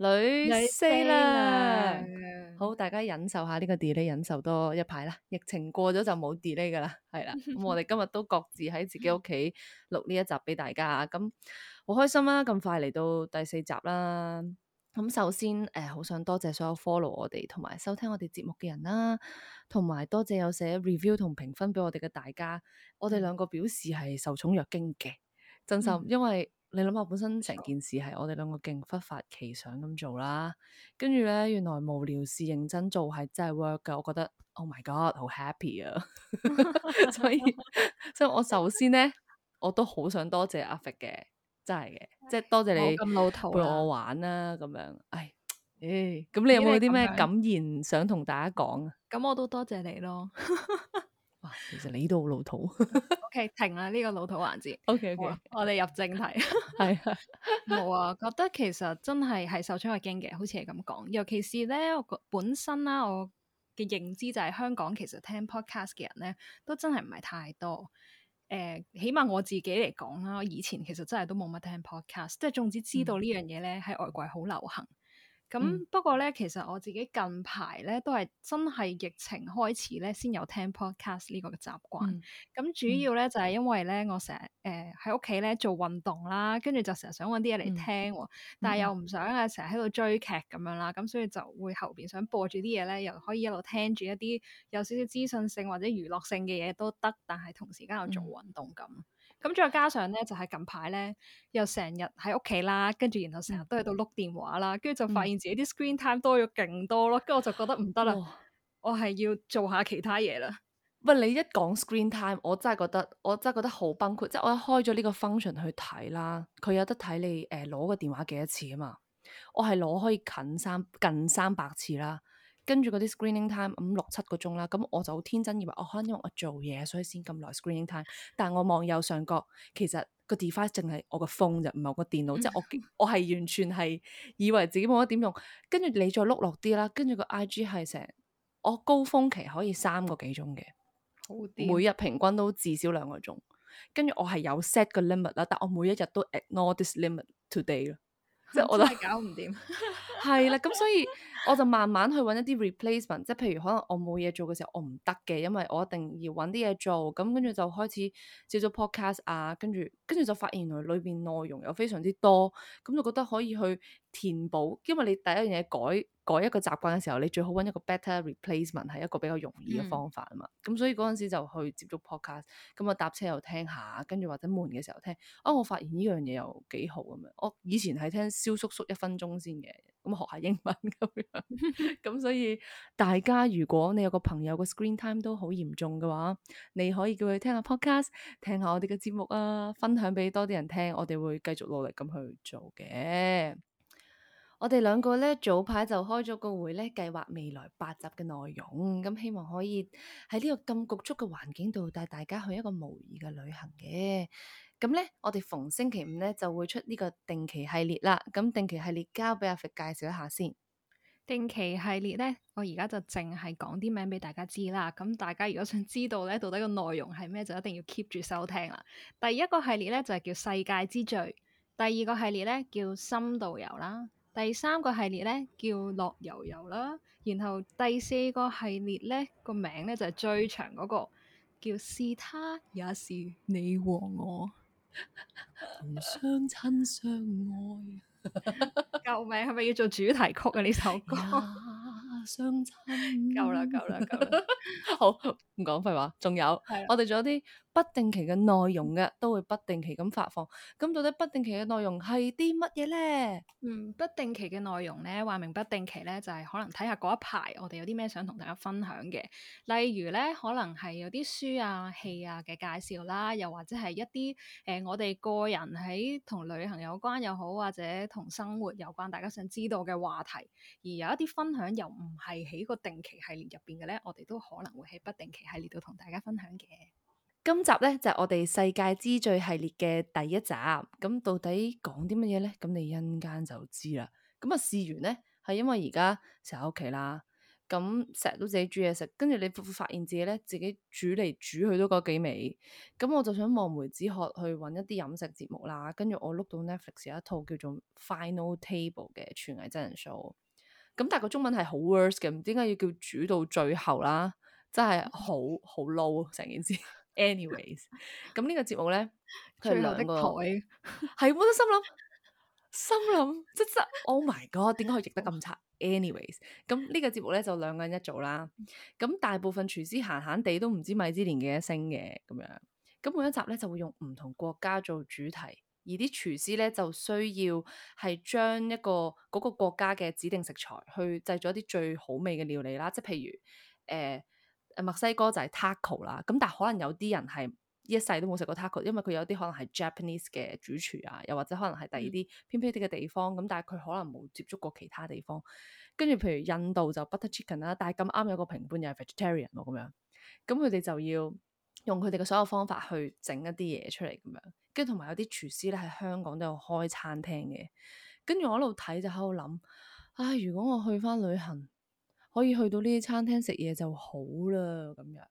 女死啦！死啦好，大家忍受下呢個 delay，忍受多一排啦。疫情過咗就冇 delay 噶啦，係啦。咁 我哋今日都各自喺自己屋企錄呢一集俾大家，咁好、嗯、開心啊！咁快嚟到第四集啦。咁首先，誒、呃，好想多謝所有 follow 我哋同埋收聽我哋節目嘅人啦，同埋多謝有寫 review 同評分俾我哋嘅大家，嗯、我哋兩個表示係受寵若驚嘅，真心，嗯、因為。你諗下，本身成件事係我哋兩個勁忽發奇想咁做啦，跟住咧原來無聊事認真做係真係 work 嘅，我覺得 Oh my God，好 happy 啊！ 所以所以我首先咧，我都好想多謝阿肥嘅，真係嘅，即係多謝你咁老土陪我玩啦，咁樣，唉、哎、唉，咁你有冇啲咩感言想同大家講？咁我都多謝你咯。 哇，其實你都好老土。 o、okay, K，停啦，呢、呢個老土環節。O K，O K，我哋入正題。係冇啊，覺得其實真係係受咗個驚嘅，好似係咁講。尤其是咧，我本身啦，我嘅認知就係香港其實聽 podcast 嘅人咧都真係唔係太多。誒、呃，起碼我自己嚟講啦，我以前其實真係都冇乜聽 podcast，即係總之知道呢樣嘢咧喺外國好流行。嗯咁不過咧，其實我自己近排咧都係真係疫情開始咧先有聽 podcast 呢個嘅習慣。咁、嗯、主要咧、嗯、就係因為咧，我成日誒喺屋企咧做運動啦，跟住就成日想搵啲嘢嚟聽，喔，嗯嗯、但係又唔想啊成日喺度追劇咁樣啦。咁所以就會後邊想播住啲嘢咧，又可以一路聽住一啲有少少資訊性或者娛樂性嘅嘢都得，但係同時間又做運動咁。嗯咁再加上咧，就係、是、近排咧，又成日喺屋企啦，跟住然後成日都喺度碌電話啦，跟住、嗯、就發現自己啲 screen time 多咗勁多咯，跟住、嗯、我就覺得唔得啦，哦、我係要做下其他嘢啦。喂，你一講 screen time，我真係覺得，我真係覺得好崩潰。即、就、係、是、我一開咗呢個 function 去睇啦，佢有得睇你誒攞個電話幾多次啊嘛。我係攞可以近三近三百次啦。跟住嗰啲 screening time 五六七個鐘啦，咁我就天真以為我可能因為我做嘢所以先咁耐 screening time，但係我望右上角，其實個 device 淨係我個 phone 就唔係我個電腦，嗯、即係我我係完全係以為自己冇得點用。跟住你再碌落啲啦，跟住個 IG 係成我高峰期可以三個幾鐘嘅，癲每日平均都至少兩個鐘。跟住我係有 set 個 limit 啦，但我每一日都 ignore this limit today 咯，即係我都真係、嗯、搞唔掂，係啦， 咁所以。我就慢慢去揾一啲 replacement，即係譬如可能我冇嘢做嘅時候，我唔得嘅，因為我一定要揾啲嘢做，咁跟住就開始做做 podcast 啊，跟住跟住就發現原來裏邊內容又非常之多，咁就覺得可以去填補，因為你第一樣嘢改。改一個習慣嘅時候，你最好揾一個 better replacement 係一個比較容易嘅方法啊嘛。咁、嗯、所以嗰陣時就去接觸 podcast，咁啊搭車又聽下，跟住或者悶嘅時候聽。啊、哦，我發現呢樣嘢又幾好咁樣。我以前係聽蕭叔叔一分鐘先嘅，咁學下英文咁樣。咁 所以大家如果你有個朋友個 screen time 都好嚴重嘅話，你可以叫佢聽下 podcast，聽下我哋嘅節目啊，分享俾多啲人聽。我哋會繼續努力咁去做嘅。我哋兩個咧早排就開咗個會咧，計劃未來八集嘅內容。咁、嗯、希望可以喺呢個咁局促嘅環境度帶大家去一個模擬嘅旅行嘅。咁、嗯、咧，我哋逢星期五咧就會出呢個定期系列啦。咁、嗯、定期系列交俾阿肥介紹一下先。定期系列咧，我而家就淨係講啲名俾大家知啦。咁大家如果想知道咧到底個內容係咩，就一定要 keep 住收聽啦。第一個系列咧就係叫世界之最，第二個系列咧叫深度遊啦。第三個系列呢叫樂悠悠啦，然後第四個系列呢個名呢就係、是、最長嗰、那個叫是他也是你和我，和相親相愛，救命係咪要做主題曲啊呢首歌？相親，夠啦夠啦夠啦， 好，唔講廢話，仲有的我哋仲有啲。不定期嘅內容嘅都會不定期咁發放。咁到底不定期嘅內容係啲乜嘢咧？嗯，不定期嘅內容咧，話明不定期咧就係、是、可能睇下嗰一排我哋有啲咩想同大家分享嘅。例如咧，可能係有啲書啊、戲啊嘅介紹啦，又或者係一啲誒、呃，我哋個人喺同旅行有關又好，或者同生活有關，大家想知道嘅話題。而有一啲分享又唔係喺個定期系列入邊嘅咧，我哋都可能會喺不定期系列度同大家分享嘅。今集咧就係、是、我哋世界之最系列嘅第一集。咁、嗯、到底講啲乜嘢？咧？咁、嗯、你一陣間就知啦。咁、嗯、啊，試完咧係因為而家成日喺屋企啦，咁成日都自己煮嘢食，跟住你會發現自己咧自己煮嚟煮去都嗰幾味。咁、嗯、我就想望梅止渴去搵一啲飲食節目啦。跟住我碌到 Netflix 有一套叫做《Final Table》嘅廚藝真人 show、嗯。咁但係個中文係好 worse 嘅，唔知點解要叫煮到最後啦？真係好好 low 成件事。 Anyways，咁呢個節目咧係兩個的台，係 我都心諗，心諗即即 Oh my God，點解可以譯得咁差？Anyways，咁呢個節目咧就兩個人一組啦。咁大部分廚師閒閒地都唔知米芝蓮幾多星嘅咁樣。咁每一集咧就會用唔同國家做主題，而啲廚師咧就需要係將一個嗰個國家嘅指定食材去製作一啲最好味嘅料理啦。即譬如誒。呃墨西哥就係 taco 啦，咁但係可能有啲人係一世都冇食過 taco，因為佢有啲可能係 Japanese 嘅主廚啊，又或者可能係第二啲偏僻啲嘅地方，咁、嗯、但係佢可能冇接觸過其他地方。跟住譬如印度就 butter chicken 啦，但係咁啱有個評判又係 vegetarian 喎咁樣，咁佢哋就要用佢哋嘅所有方法去整一啲嘢出嚟咁樣，跟住同埋有啲廚師咧喺香港都有開餐廳嘅。跟住我一路睇就喺度諗，唉，如果我去翻旅行，可以去到呢啲餐廳食嘢就好啦，咁樣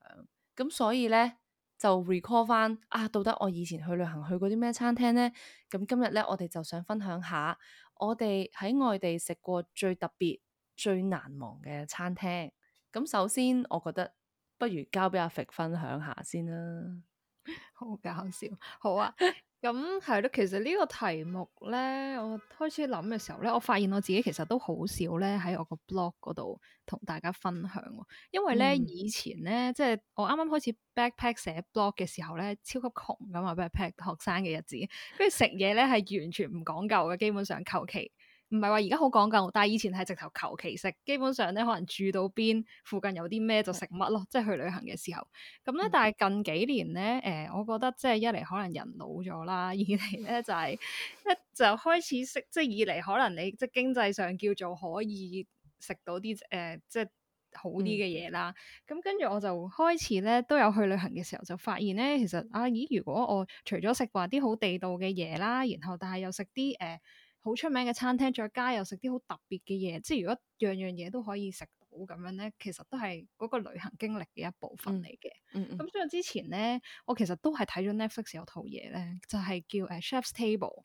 咁所以咧就 record 翻啊，到底我以前去旅行去過啲咩餐廳咧？咁今日咧我哋就想分享下我哋喺外地食過最特別、最難忘嘅餐廳。咁首先，我覺得不如交俾阿肥分享下先啦。 好搞笑，好啊！ 咁係咯，其實呢個題目咧，我開始諗嘅時候咧，我發現我自己其實都好少咧喺我個 blog 嗰度同大家分享，因為咧、嗯、以前咧，即係我啱啱開始 backpack 寫 blog 嘅時候咧，超級窮噶嘛，backpack 學生嘅日子，跟住食嘢咧係完全唔講究嘅，基本上求其。唔係話而家好講究，但係以前係直頭求其食，基本上咧可能住到邊附近有啲咩就食乜咯，嗯、即係去旅行嘅時候。咁、嗯、咧，但係近幾年咧，誒、呃，我覺得即係一嚟可能人老咗啦，二嚟咧就係、是、一就開始食，即係二嚟可能你即係經濟上叫做可以食到啲誒、呃，即係好啲嘅嘢啦。咁、嗯、跟住我就開始咧都有去旅行嘅時候，就發現咧其實啊，咦、啊，如果我除咗食話啲好地道嘅嘢啦，然後但係又食啲誒。呃好出名嘅餐廳，再加又食啲好特別嘅嘢，即係如果樣樣嘢都可以食到咁樣咧，其實都係嗰個旅行經歷嘅一部分嚟嘅。咁、嗯嗯嗯、所以之前咧，我其實都係睇咗 Netflix 有套嘢咧，就係、是、叫誒 Chef’s Table。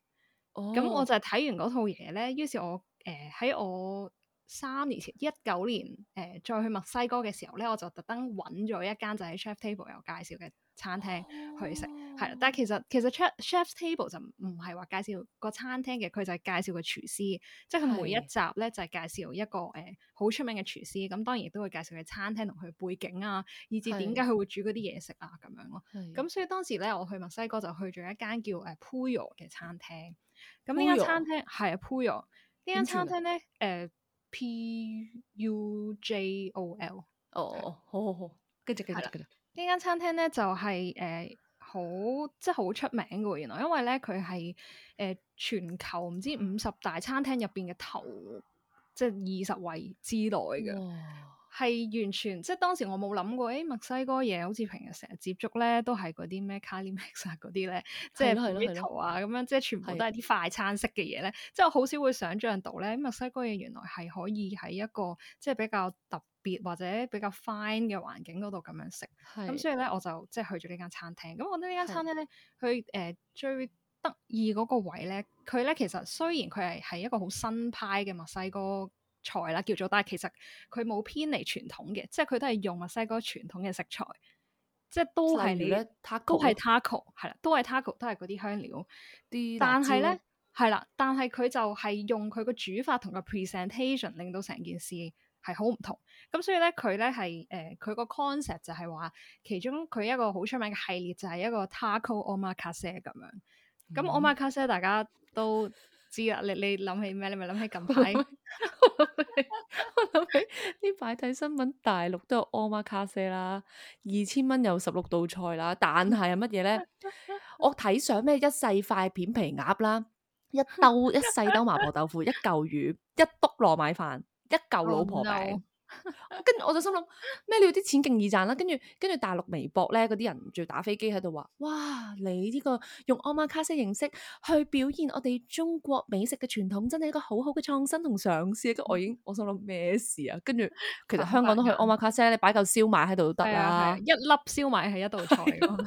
哦。咁我就係睇完嗰套嘢咧，於是我，呃、我誒喺我三年前一九年誒、呃、再去墨西哥嘅時候咧，我就特登揾咗一間就喺 Chef’s Table 有介紹嘅。餐廳去食，係啦，但係其實其實 Chef's Table 就唔係話介紹個餐廳嘅，佢就係介紹個廚師，即係佢每一集咧就係、是、介紹一個誒好出名嘅廚師，咁當然亦都會介紹佢餐廳同佢背景啊，以至點解佢會煮嗰啲嘢食啊咁樣咯。咁的所以當時咧，我去墨西哥就去咗一間叫誒 Pujo 嘅餐廳。咁呢間餐廳係 Pujo，呢間餐廳咧誒對些、呃、P U J O L、啊。哦、oh. 好，好，好好，跟住跟住跟住。間廳，呢間餐廳咧就係誒好即係好出名嘅喎，原來，因為咧佢係誒全球唔知五十大餐廳入邊嘅頭，即係二十位之內嘅。係完全即係當時我冇諗過，誒、欸、墨西哥嘢好似平日成日接觸咧，都係嗰啲咩 Cali-Mex 嗰啲咧，即係雞頭啊咁樣，即係全部都係啲快餐式嘅嘢咧。的即我好少會想像到咧，墨西哥嘢原來係可以喺一個即係比較特別或者比較 fine 嘅環境嗰度咁樣食。咁的所以咧，我就即係去咗呢間餐廳。咁我覺得呢間餐廳咧，佢誒的、呃、最得意嗰個位咧，佢咧其實雖然佢係係一個好新派嘅墨西哥。材啦叫做，但係其實佢冇偏離傳統嘅，即係佢都係用墨西哥傳統嘅食材，即係都係你塔谷係 taco，係、啊、啦，都係 taco，都係嗰啲香料啲。但係咧係啦，但係佢就係用佢個煮法同個 presentation 令到成件事係好唔同。咁所以咧佢咧係誒佢個、呃、concept 就係話，其中佢一個好出名嘅系列就係一個 taco omakase 咁樣。咁 omakase 大家都、嗯。嗯知啦，你你諗起咩？你咪諗起，起近排， 我諗起呢排睇新聞，大陸都有 omakase 啦，二千蚊有十六道菜啦，但係係乜嘢咧？我睇上咩？一細塊片皮鴨啦， 一兜一細兜麻婆豆腐， 一嚿魚，一篤糯米飯，一嚿老婆餅。Oh, no. 跟住 我就心諗咩？你要啲錢勁易賺啦。跟住跟住大陸微博咧，嗰啲人仲打飛機喺度話，哇！你呢、這個用奧馬卡西形式去表現我哋中國美食嘅傳統，真係一個好好嘅創新同嘗試。咁我已經我心想諗咩事啊？跟住其實香港都去奧馬卡西，啊、你擺嚿燒賣喺度都得啦、啊啊啊，一粒燒賣係一道菜。啊、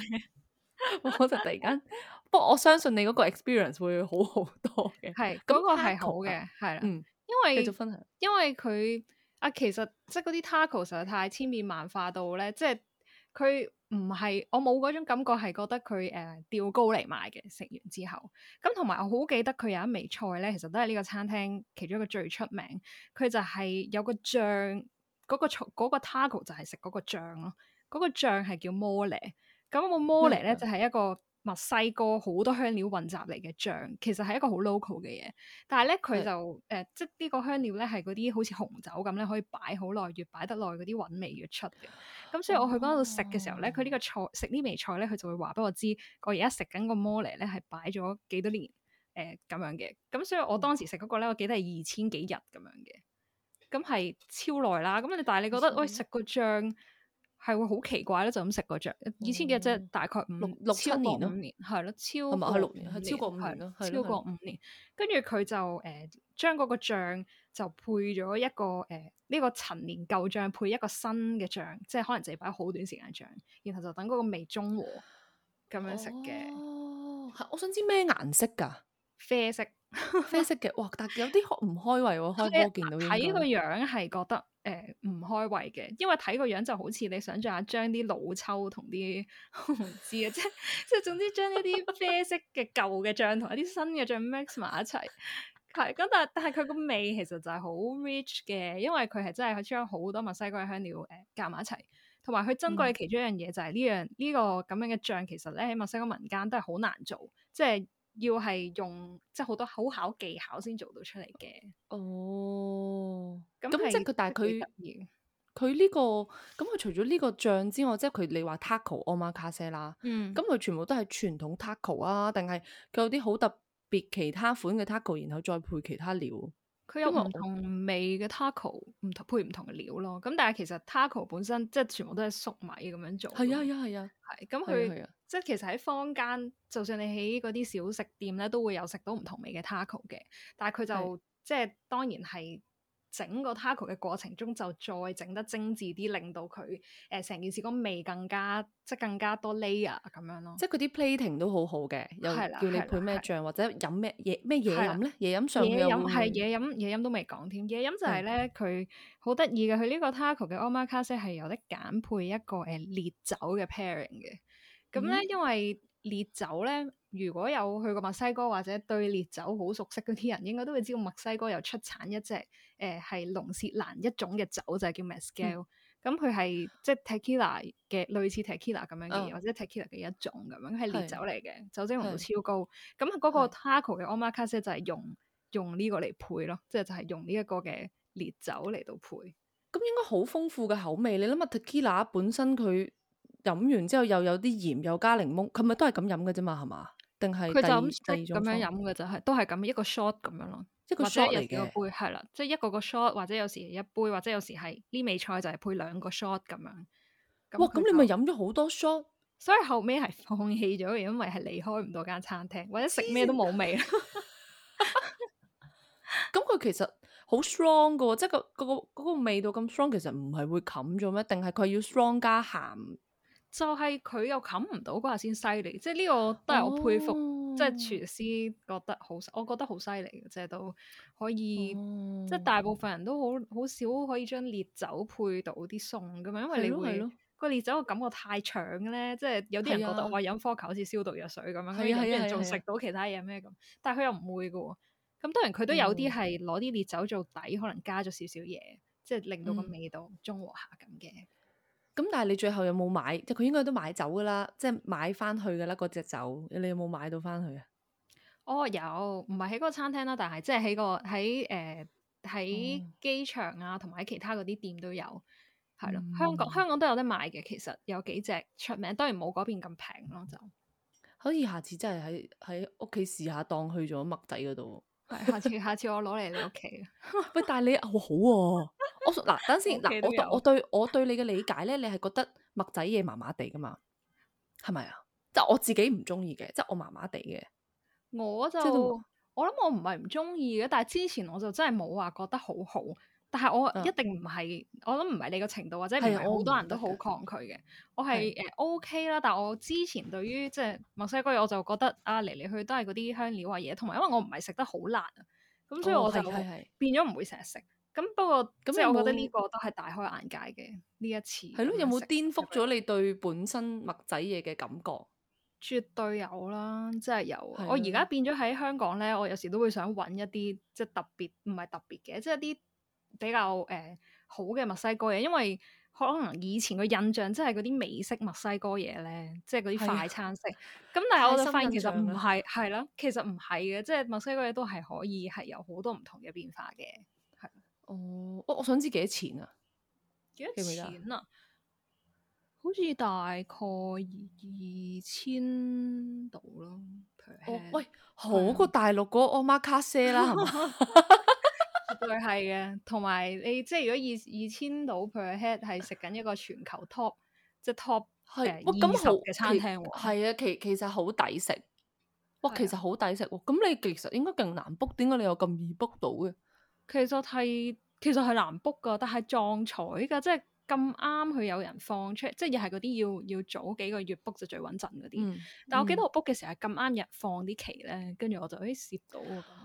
我就突然間， 不過我相信你嗰個 experience 會好多、那個、好多嘅。係嗰個係好嘅，係啦、嗯，因為繼續分享，因為佢。啊，其實即係啲 taco 實在太千變萬化到咧，即係佢唔係我冇種感覺係覺得佢誒、呃、吊高嚟賣嘅，食完之後，咁同埋我好記得佢有一味菜咧，其實都係呢個餐廳其中一個最出名，佢就係有個醬，嗰個醋，嗰個 taco 就係食個醬咯，嗰個醬係叫 mole 咁個 mole 咧就係一個。墨西哥好多香料混雜嚟嘅醬，其實係一個好 local 嘅嘢。但係咧，佢就誒、嗯呃，即呢個香料咧，係嗰啲好似紅酒咁咧，可以擺好耐，越擺得耐，嗰啲韻味越出嘅。咁所以我去嗰度食嘅時候咧，佢呢、哦、個菜食呢味菜咧，佢就會話俾我知，我而家食緊個摩尼咧係擺咗幾多年誒咁、呃、樣嘅。咁所以我當時食嗰個咧，我記得係二千幾日咁樣嘅，咁係超耐啦。咁你但係你覺得，喂食想、哎、個醬？係會好奇怪咧，就咁食嗰醬，以前嘅即係大概 5, 六六年七年咯，啊，係咯，超過係六年係超過五年、啊、對年，係咯對，對超過五年。跟住佢就誒，將、呃、嗰個醬就配咗一個誒，呢、呃這個陳年舊醬配一個新嘅醬，即、就、係、是、可能就係擺好短時間醬，然後就等嗰個味中和咁樣食嘅。哦，我想知咩顏色噶？啡色， 啡色嘅，哇！但有啲唔開胃喎，開波見到睇個樣係覺得。誒唔、呃、開胃嘅，因為睇個樣就好似你想像下將啲老抽同啲唔知啊，即係即係總之將呢啲啡色嘅舊嘅醬同一啲新嘅醬 mix 埋一齊，係咁。 但係但係佢個味其實就係好 rich 嘅，因為佢係真係佢將好多墨西哥嘅香料誒夾埋一齊，同埋佢珍貴嘅其中一、呢個嗯、呢一樣嘢就係呢樣呢個咁樣嘅醬，其實咧喺墨西哥民間都係好難做，即係。要係用即係好多好考技巧先做到出嚟嘅。哦，咁即係佢，但係佢佢呢個咁佢除咗呢個醬之外，即係佢你話 taco omakase 啦，嗯，咁佢全部都係傳統 taco 啊，定係佢有啲好特別其他款嘅 taco，然後再配其他料。佢有唔同味嘅 taco，唔配唔同嘅料咯。咁但係其實 taco 本身即係全部都係粟米咁樣做。係啊係啊係啊，係咁佢。即係其實喺坊間，就算你喺嗰啲小食店咧，都會有食到唔同味嘅 taco 嘅。但係佢就即係當然係整個 taco 嘅過程中，就再整得精緻啲，令到佢誒成件事個味更加即係更加多 layer 咁樣咯。即係佢啲 plating 都好好嘅，又係喇，叫你配咩醬或者飲咩嘢咩嘢飲咧？嘢的飲上邊嘅嘢飲係嘢飲嘢飲都未講添，嘢飲就係咧，佢好得意嘅。佢呢的個 taco 嘅 omakase 係有得揀配一個誒烈酒嘅 pairing 嘅。.咁咧，嗯、因為烈酒咧，如果有去過墨西哥或者對烈酒好熟悉嗰啲人，應該都會知道墨西哥有出產一隻誒係龍舌蘭一種嘅酒，就係叫 mezcal、嗯咁佢係、嗯、即係、就係、tequila 嘅類似 tequila 咁樣嘅嘢，哦、或者 tequila 嘅一種咁樣，係烈酒嚟嘅，是酒精濃度超高。咁嗰是、嗯、個 taco 嘅 omakase 就係用用呢個嚟配咯，即係就係、是、用呢一個嘅烈酒嚟到配。咁應該好豐富嘅口味。你諗下 tequila 本身佢。飲完之後又有啲鹽，又加檸檬，佢咪都係咁飲嘅啫嘛，係嘛？定係佢就咁樣飲嘅就係都係咁，一個 shot 咁樣咯，一個 shot 嘅。幾個杯係啦，即係一個個 shot，或者有時一杯，或者有時係呢味菜就係配兩個 shot 咁樣。樣哇！咁你咪飲咗好多 shot，所以後尾係放棄咗，因為係離開唔到間餐廳，或者食咩都冇味啦。咁佢其實好 strong 嘅喎，即係個、嗰個、嗰個味道咁 strong，其實唔係會冚咗咩？定係佢要 strong 加鹹？就係佢又冚唔到嗰下先犀利，即係呢個都係我佩服，哦、即係廚師覺得好，我覺得好犀利嘅，即係都可以，哦、即係大部分人都好好少可以將烈酒配到啲餸噶嘛，因為你會個烈酒嘅感覺太搶咧，即係有啲人覺得話飲伏特加好似消毒藥水咁樣，跟住啲人仲食到其他嘢咩咁，但係佢又唔會嘅喎。咁當然佢都有啲係攞啲烈酒做底，嗯、可能加咗少少嘢，即係令到個味道中和下咁嘅。咁但係你最後有冇買？即佢應該都買走噶啦，即係買翻去噶啦嗰隻、那個、酒。你有冇買到翻去啊？哦，有，唔係喺嗰個餐廳啦，但係即係喺個喺誒喺機場啊，同埋喺其他嗰啲店都有，係咯。嗯、香港、嗯、香港都有得賣嘅，其實有幾隻出名，當然冇嗰邊咁平咯，就可以下次真係喺喺屋企試下當去咗墨仔嗰度。係，下次下次我攞嚟你屋企。喂， 但係你好好喎、啊！我嗱等先嗱 Okay,，我有我對我對你嘅理解咧，你係覺得墨仔嘢麻麻地㗎嘛？係咪啊？即、就、係、是、我自己唔中意嘅，即、就、係、是、我麻麻地嘅。我就，就我諗我唔係唔中意嘅，但係之前我就真係冇話覺得好好。但係我一定唔係，嗯、我諗唔係你個程度，或者唔係好多人都好抗拒嘅。我係誒是的、呃、OK 啦，但係我之前對於即係墨西哥嘢，我就覺得啊嚟嚟去都係嗰啲香料啊嘢，同埋因為我唔係食得好辣啊，咁所以我就變咗唔會成日食。哦咁不過，即係我覺得呢個都係大開眼界嘅呢一次。係咯，有冇顛覆咗你對本身墨仔嘢嘅感覺？絕對有啦，即係有。的我而家變咗喺香港咧，我有時都會想揾一啲即係特別，唔係特別嘅，即係一啲比較誒、呃、好嘅墨西哥嘢。因為可能以前嘅印象即係嗰啲美式墨西哥嘢咧，即係嗰啲快餐式。咁的但係我就發現其實唔係，係咯的，其實唔係嘅，即係墨西哥嘢都係可以係有好多唔同嘅變化嘅。哦，我我想知幾多錢啊？幾多錢啊？好似大概二千度咯。哦，喂，好過大陸嗰奧馬卡西啦，係嘛？絕對係嘅。同埋你即係如果二二千度 per head 係食緊一個全球 top 即 top 係二十嘅餐廳係啊，其其實好抵食。哇，其實好抵食。咁你其實應該勁難 book，點解你又咁易 book 到嘅？其實係其實係難 book 噶，但係撞彩噶，即係咁啱佢有人放出，即係又係嗰啲要要早幾個月 book 就最穩陣嗰啲。嗯嗯、但我記得我 book 嘅時候係咁啱有人放啲期咧，跟住我就咦攝到，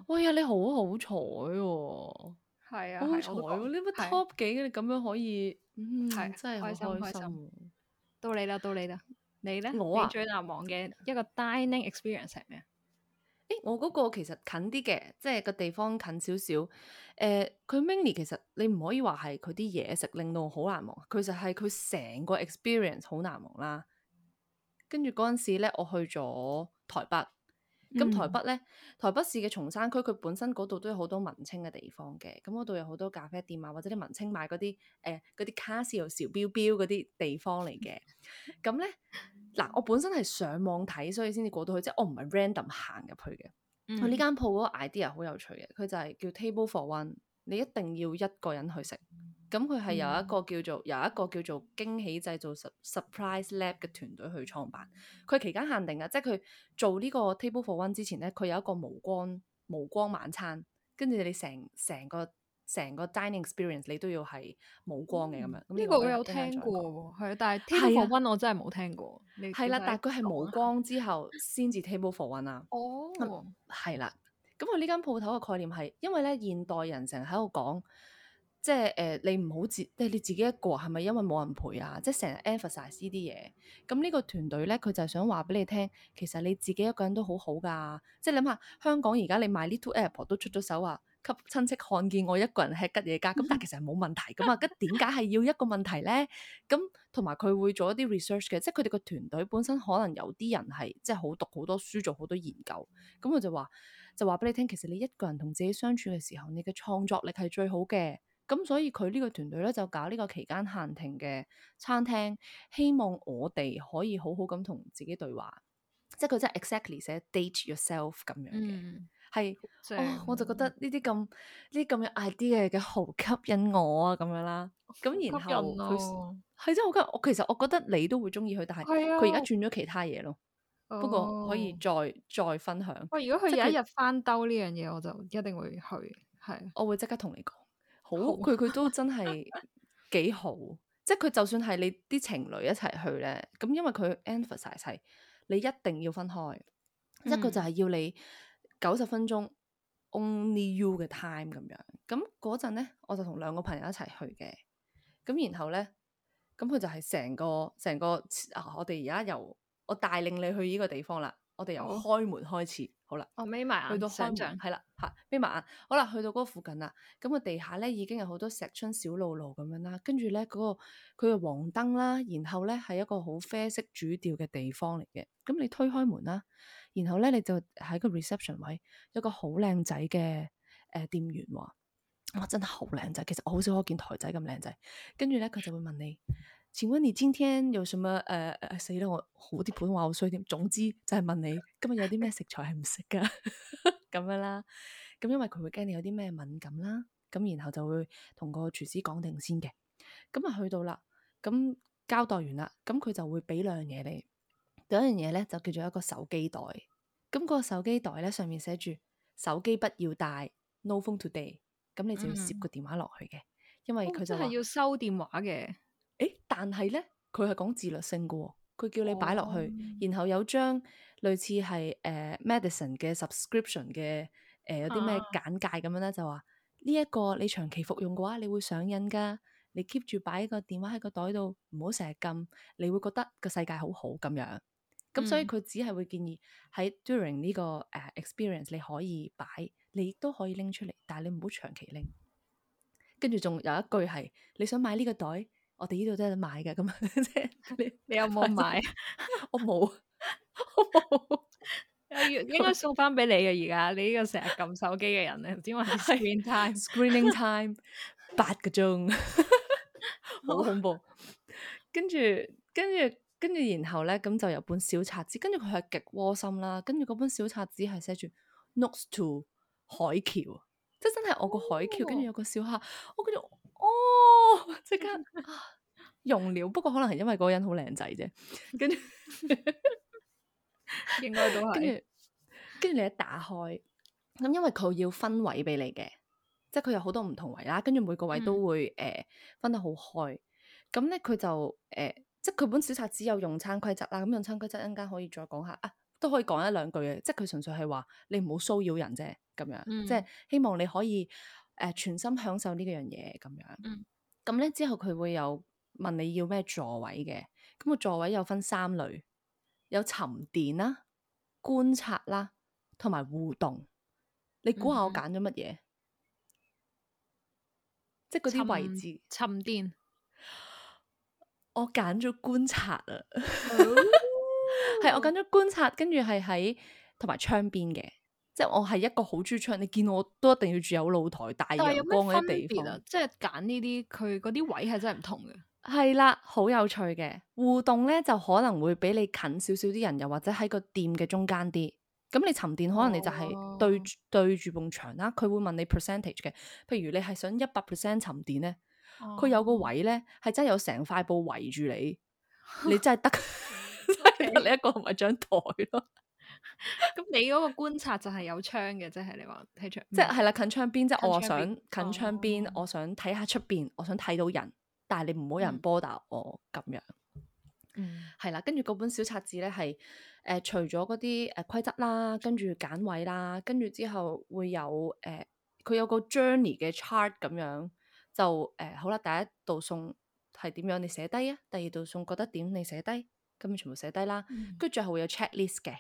哇呀你好好彩喎！係啊，啊好彩喎！你乜 top 幾嘅，你咁樣可以，啊嗯啊、真係開心開心。開心開心到你啦，到你啦，你咧？我最難忘嘅一個，個 dining experience 係咩啊？欸、我嗰個其實近啲嘅，即係個地方近少少。誒、呃，佢 mini 其實你唔可以話係佢啲嘢食令到我好難忘，佢就係佢成個 experience 好難忘啦。跟住嗰陣時咧，我去咗台北。咁、嗯、台北咧，台北市嘅松山區，佢本身嗰度都有好多文青嘅地方嘅。咁嗰度有好多咖啡店啊，或者啲文青買嗰啲誒，嗰啲卡士又小標標嗰啲地方嚟嘅。咁咧。 嗱，我本身係上網睇，所以先至過到去，即係我唔係 random 行入去嘅。佢呢間鋪嗰個 idea 好有趣嘅，佢就係叫 table for one，你一定要一個人去食。咁佢係由一個叫做有一個叫做驚喜製造 surprise lab 嘅團隊去創辦。佢期間限定㗎，即係佢做呢個 table for one 之前咧，佢有一個無光無光晚餐，跟住你成成個。成個 dining experience 你都要係冇光嘅咁、嗯、樣，呢、嗯、個我，我有聽過喎，啊對，但係對 table for one 我真係冇聽過，係啦，但係佢係冇光之後先至 table for one 啊，哦，係啦、嗯，咁佢呢間鋪頭嘅概念係，因為咧現代人成日喺度講，即係誒你唔好自即係你自己一個係咪因為冇人陪啊？即係成日 emphasize 呢啲嘢，咁呢個團隊咧佢就係想話俾你聽，其實你自己一個人都好好㗎，即係諗下香港而家你買呢 little apple 都出咗手啊！給親戚看見我一個人吃吉野家，咁、嗯、但係其實冇問題噶嘛，咁點解係要一個問題呢？咁同埋佢會做一啲 research 嘅，即係佢哋個團隊本身可能有啲人係即係好讀好多書，做好多研究。咁我就話就話俾你聽，其實你一個人同自己相處嘅時候，你嘅創作力係最好嘅。咁所以佢呢個團隊咧就搞呢個期間限定嘅餐廳，希望我哋可以好好咁同自己對話。即係佢真係 exactly 寫 date yourself 咁樣嘅。嗯係是、啊、哦，我就覺得呢啲咁呢啲咁有 idea 嘅好吸引我啊，咁樣啦。咁、啊、然後佢係真係好吸引我。其實我覺得你都會中意佢，但係佢而家轉咗其他嘢咯。哦、不過可以再再分享。哇、哦！如果佢有一日翻兜呢樣嘢，我就一定會去。係，我會即刻同你講，好。佢佢、啊、都真係幾好， 即係佢就算係你啲情侶一齊去咧，咁因為佢 emphasize 係你一定要分開，一個就係要你。嗯九十分鐘，Only You 嘅 time 咁樣，咁嗰陣咧，我就同兩個朋友一齊去嘅，咁然後咧，咁佢就係成個成個，個啊、我哋而家由我帶領你去依個地方啦，我哋由我開門開始，好啦，哦眯埋眼，去到開門，係啦，嚇，眯埋眼，好啦，去到嗰附近啦，咁、嗰個地下咧已經有好多石春小路路咁樣啦，跟住咧嗰個佢嘅黃燈啦，然後咧係一個好啡色主調嘅地方嚟嘅，咁你推開門啦。然後咧，你就喺個 reception 位，有個好靚仔嘅誒、呃、店員話：哇真係好靚仔，其實我好少可見台仔咁靚仔。跟住咧，佢就會問你：請問你今天有什麼誒誒？死啦！我好啲普通話好衰啲，總之就係問你今日有啲咩食材係唔食㗎咁樣啦。咁因為佢會驚你有啲咩敏感啦。咁然後就會同個廚師講定先嘅。咁啊去到啦，咁交代完啦，咁佢就會俾兩樣嘢你。有一樣嘢咧，就叫做一個手機袋。咁、嗯個手機袋咧，上面寫住手機不要帶，no phone today。咁你就要攝個電話落去嘅，因為佢就真係要收電話嘅。誒，但係咧，佢係講自律性嘅喎。佢叫你擺落去，哦嗯、然後有張類似係誒、呃、medicine 嘅 subscription 嘅誒、呃、有啲咩簡介咁樣咧，啊、就話呢一個你長期服用嘅話，你會上癮㗎。你 keep 住擺個電話喺個袋度，唔好成日撳，你會覺得個世界好好咁樣。咁、嗯、所以佢只係會建議喺 during 呢個誒、uh, experience，你可以擺，你都可以拎出嚟，但係你唔好長期拎。跟住仲有一句係，你想買呢個袋？我哋呢度都有得買嘅。咁你有冇買？ 我冇，我冇。 應該送翻俾你啊！而家你呢個成日撳手機嘅人咧，點解 screen time screening time 八個鐘？好 恐怖！跟住跟住。跟住然後咧，咁就有本小冊子，跟住佢係極窩心啦。跟住嗰本小冊子係寫住 notes to 海橋，即係真係我個海橋。跟住、哦、有個小蝦，我跟住哦，即刻用料，不過可能係因為嗰個人好靚仔啫。跟住 應該都係。跟住，跟住你一打開，咁因為佢要分位俾你嘅，即係佢有好多唔同位啦。跟住每個位都會誒、嗯呃、分得好開。咁咧佢就誒。呃即係佢本小冊只有用餐規則啦，咁，嗯，用餐規則陣間可以再講下啊，都可以講一兩句嘅。即係佢純粹係話你唔好騷擾人啫，咁樣，嗯，即係希望你可以誒，呃，全心享受呢樣嘢咁樣。咁咧，嗯，之後佢會有問你要咩座位嘅，咁個座位有分三類，有沉澱啦、觀察啦同埋互動。你估下我揀咗乜嘢？嗯，即係嗰啲位置沉澱。沉澱我揀咗觀察啊、oh. 係我揀咗觀察，跟住係喺同埋窗邊嘅，即係我係一個好中意窗，你見我都一定要住有露台、大陽光嗰啲地方， 即係揀呢啲佢嗰啲位係真係唔同嘅。係啦， 好有趣嘅互動咧，就可能會畀你近少少啲人，又或者喺個店嘅中間啲。咁你沉澱可能你就係對、oh. 對住埲牆啦，佢會問你 percentage 嘅，譬如你係想一百 percent 沉澱咧。佢、哦、有個位咧，係真係有成塊布圍住你，哈你真係得得 Okay. 你一個同埋張台咯。咁 你嗰個觀察就係有窗嘅，即、就、係、是、你話睇窗，即係係啦，近窗邊，即、就、係我想近窗邊，我想睇下出邊，我想睇到人，但係你唔好有人波打我咁、嗯、樣。嗯，係啦，跟住嗰本小冊子咧，係誒、呃呃、除咗嗰啲誒規則啦，跟住揀位啦，跟住之後會有誒，佢、呃呃、有個 journey 嘅 chart 咁樣。就誒、呃、好啦，第一道餸係點樣你寫低啊，第二道餸覺得點你寫低，咁全部寫低啦，跟住、嗯、最後會有 checklist 嘅，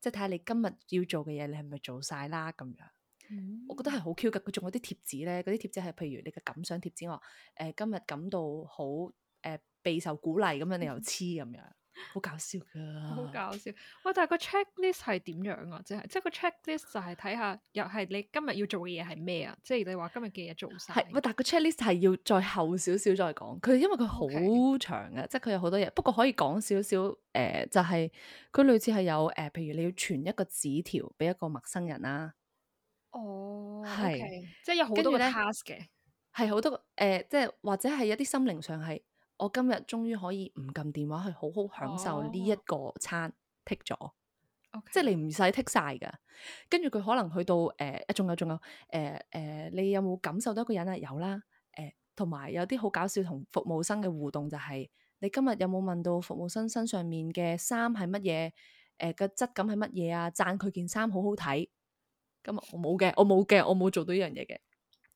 即係睇下你今日要做嘅嘢你係咪做晒啦咁樣。嗯、我覺得係好 Q 嘅，佢仲有啲貼紙咧，嗰啲貼紙係譬如你嘅感想貼紙，我、呃、誒今日感到好誒、呃、備受鼓勵咁樣、嗯、咁樣，你又黐咁樣。好搞笑噶， 好搞笑。喂、哦，但係個 checklist 係點樣啊？即係，即係個 checklist 就係睇下，又係你今日要做嘅嘢係咩啊？即係你話今日嘅嘢做晒。係。喂，但係個 checklist 係要再後少少再講。佢因為佢好長嘅，Okay. 即係佢有好多嘢。不過可以講少少。誒、呃，就係佢類似係有誒，呃、譬如你要傳一個紙條俾一個陌生人啦。哦，係，呃，即係有好多個 task 嘅，係好多個誒，即係或者係一啲心靈上係。我今日終於可以唔撳電話，去好好享受呢一個餐剔咗，即係你唔使剔晒㗎。跟住佢可能去到誒一仲有仲有，誒、啊、誒、啊，你有冇感受到一個人啊？有啦，誒、啊，同埋有啲好搞笑同服務生嘅互動就係、是，你今日有冇問到服務生身上面嘅衫係乜嘢？誒、呃，個質感係乜嘢啊？讚佢件衫好好睇。今日我冇嘅，我冇嘅，我冇做到呢樣嘢嘅。